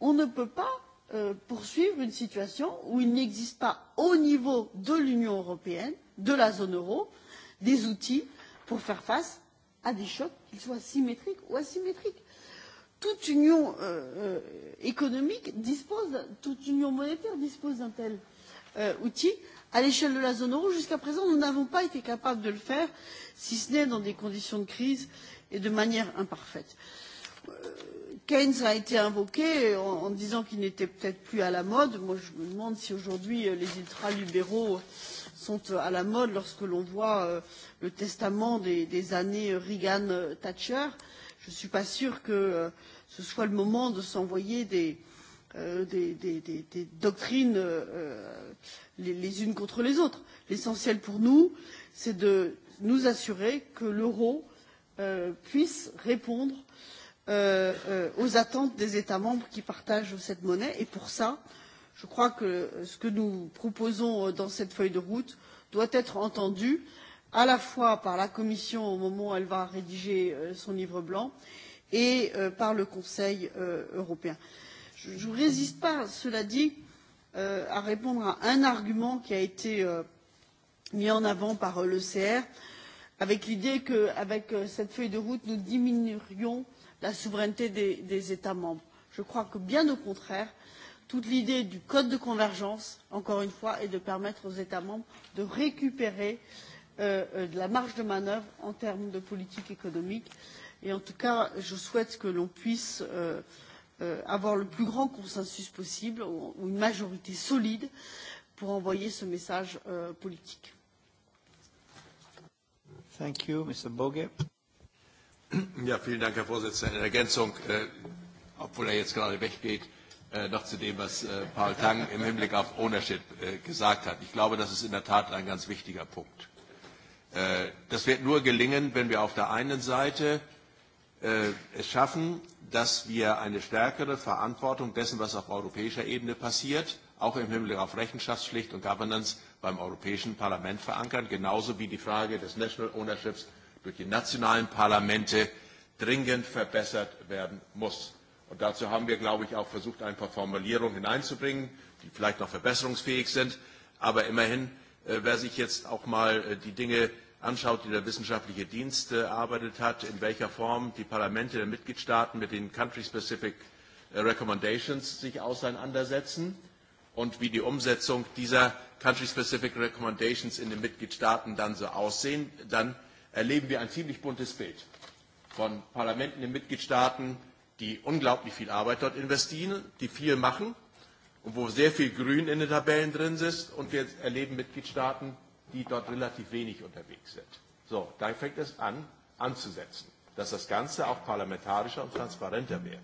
on ne peut pas Euh, poursuivre une situation où il n'existe pas au niveau de l'union européenne de la zone euro des outils pour faire face à des chocs qu'ils soient symétriques ou asymétriques. toute union euh, euh, économique dispose toute union monétaire dispose d'un tel outil. à l'échelle de la zone euro jusqu'à présent nous n'avons pas été capables de le faire si ce n'est dans des conditions de crise et de manière imparfaite. Keynes a été invoqué en, disant qu'il n'était peut-être plus à la mode. Moi, je me demande si aujourd'hui euh, les ultralibéraux sont euh, à la mode lorsque l'on voit euh, le testament des, des années Reagan-Thatcher. Je ne suis pas sûre que ce soit le moment de s'envoyer des, des, des, des, des doctrines les, les unes contre les autres. L'essentiel pour nous, c'est de nous assurer que l'euro puisse répondre Euh, euh, aux attentes des états membres qui partagent cette monnaie et pour cela je crois que ce que nous proposons euh, dans cette feuille de route doit être entendu à la fois par la commission au moment où elle va rédiger son livre blanc et par le conseil européen. je ne résiste pas cela dit à répondre à un argument qui a été mis en avant par l'ecr avec l'idée qu'avec cette feuille de route nous diminuerions la souveraineté des, États membres. Je crois que, bien au contraire, toute l'idée du code de convergence, encore une fois, est de permettre aux États membres de récupérer euh, euh, de la marge de manœuvre en termes de politique économique et, en tout cas, je souhaite que l'on puisse euh, avoir le plus grand consensus possible ou une majorité solide pour envoyer ce message politique. Ja, vielen Dank, Herr Vorsitzender. In Ergänzung, äh, obwohl er jetzt gerade weggeht, äh, noch zu dem, was äh, Paul Tang im Hinblick auf Ownership äh, gesagt hat. Ich glaube, das ist in der Tat ein ganz wichtiger Punkt. Äh, das wird nur gelingen, wenn wir auf der einen Seite äh, es schaffen, dass wir eine stärkere Verantwortung dessen, was auf europäischer Ebene passiert, auch im Hinblick auf Rechenschaftspflicht und Governance beim Europäischen Parlament verankern, genauso wie die Frage des National Ownerships durch die nationalen Parlamente dringend verbessert werden muss. Und dazu haben wir, glaube ich, auch versucht, ein paar Formulierungen hineinzubringen, die vielleicht noch verbesserungsfähig sind. Aber immerhin, äh, wer sich jetzt auch mal äh, die Dinge anschaut, die der wissenschaftliche Dienst äh, erarbeitet hat, in welcher Form die Parlamente der Mitgliedstaaten mit den Country-Specific Recommendations sich auseinandersetzen und wie die Umsetzung dieser Country-Specific Recommendations in den Mitgliedstaaten dann so aussehen, dann erleben wir ein ziemlich buntes Bild von Parlamenten in Mitgliedstaaten, die unglaublich viel Arbeit dort investieren, die viel machen und wo sehr viel Grün in den Tabellen drin ist. Und wir erleben Mitgliedstaaten, die dort relativ wenig unterwegs sind. So, da fängt es an, anzusetzen, dass das Ganze auch parlamentarischer und transparenter wird.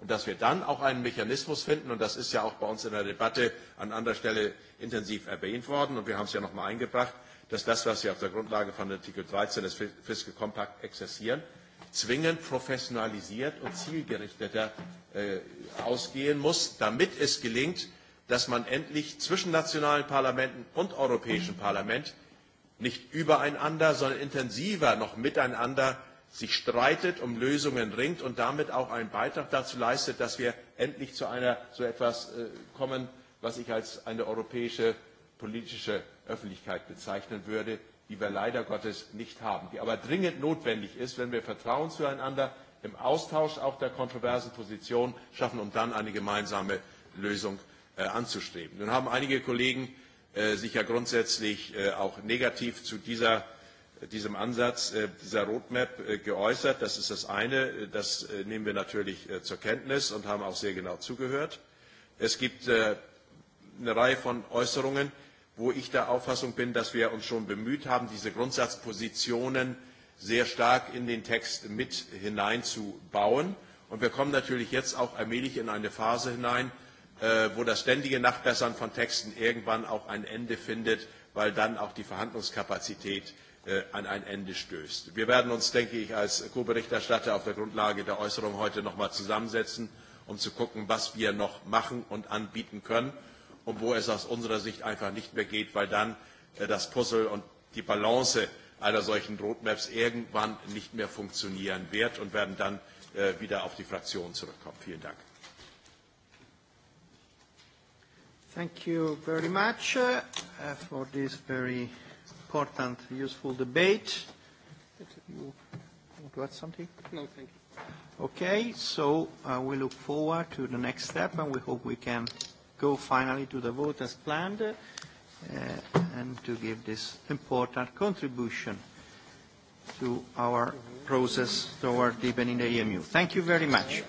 Und dass wir dann auch einen Mechanismus finden, und das ist ja auch bei uns in der Debatte an anderer Stelle intensiv erwähnt worden, und wir haben es ja noch einmal eingebracht, dass das, was wir auf der Grundlage von Artikel 13 des Fiscal Compact exerzieren, zwingend professionalisiert und zielgerichteter äh, ausgehen muss, damit es gelingt, dass man endlich zwischen nationalen Parlamenten und Europäischem Parlament nicht übereinander, sondern intensiver noch miteinander sich streitet, um Lösungen ringt und damit auch einen Beitrag dazu leistet, dass wir endlich zu einer, so etwas äh, kommen, was ich als eine europäische politische Öffentlichkeit bezeichnen würde, die wir leider Gottes nicht haben, die aber dringend notwendig ist, wenn wir Vertrauen zueinander im Austausch auch der kontroversen Positionen schaffen, um dann eine gemeinsame Lösung äh, anzustreben. Nun haben einige Kollegen äh, sich ja grundsätzlich äh, auch negativ zu dieser, diesem Ansatz dieser Roadmap geäußert. Das ist das eine. Das nehmen wir natürlich zur Kenntnis und haben auch sehr genau zugehört. Es gibt eine Reihe von Äußerungen, wo ich der Auffassung bin, dass wir uns schon bemüht haben, diese Grundsatzpositionen sehr stark in den Text mit hineinzubauen. Und wir kommen natürlich jetzt auch allmählich in eine Phase hinein, äh, wo das ständige Nachbessern von Texten irgendwann auch ein Ende findet, weil dann auch die Verhandlungskapazität äh, an ein Ende stößt. Wir werden uns, denke ich, als Co-Berichterstatter auf der Grundlage der Äußerung heute noch einmal zusammensetzen, um zu gucken, was wir noch machen und anbieten können und wo es aus unserer Sicht einfach nicht mehr geht, weil dann äh, das Puzzle und die Balance einer solchen Roadmaps irgendwann nicht mehr funktionieren wird und werden dann äh, wieder auf die Fraktionen zurückkommen. Vielen Dank. Thank you very much uh, for this very important, useful debate. You want to add something? No, thank you. Okay, so uh, we look forward to the next step and we hope we can go finally to the vote as planned uh, and to give this important contribution to our process toward deepening the EMU. Thank you very much.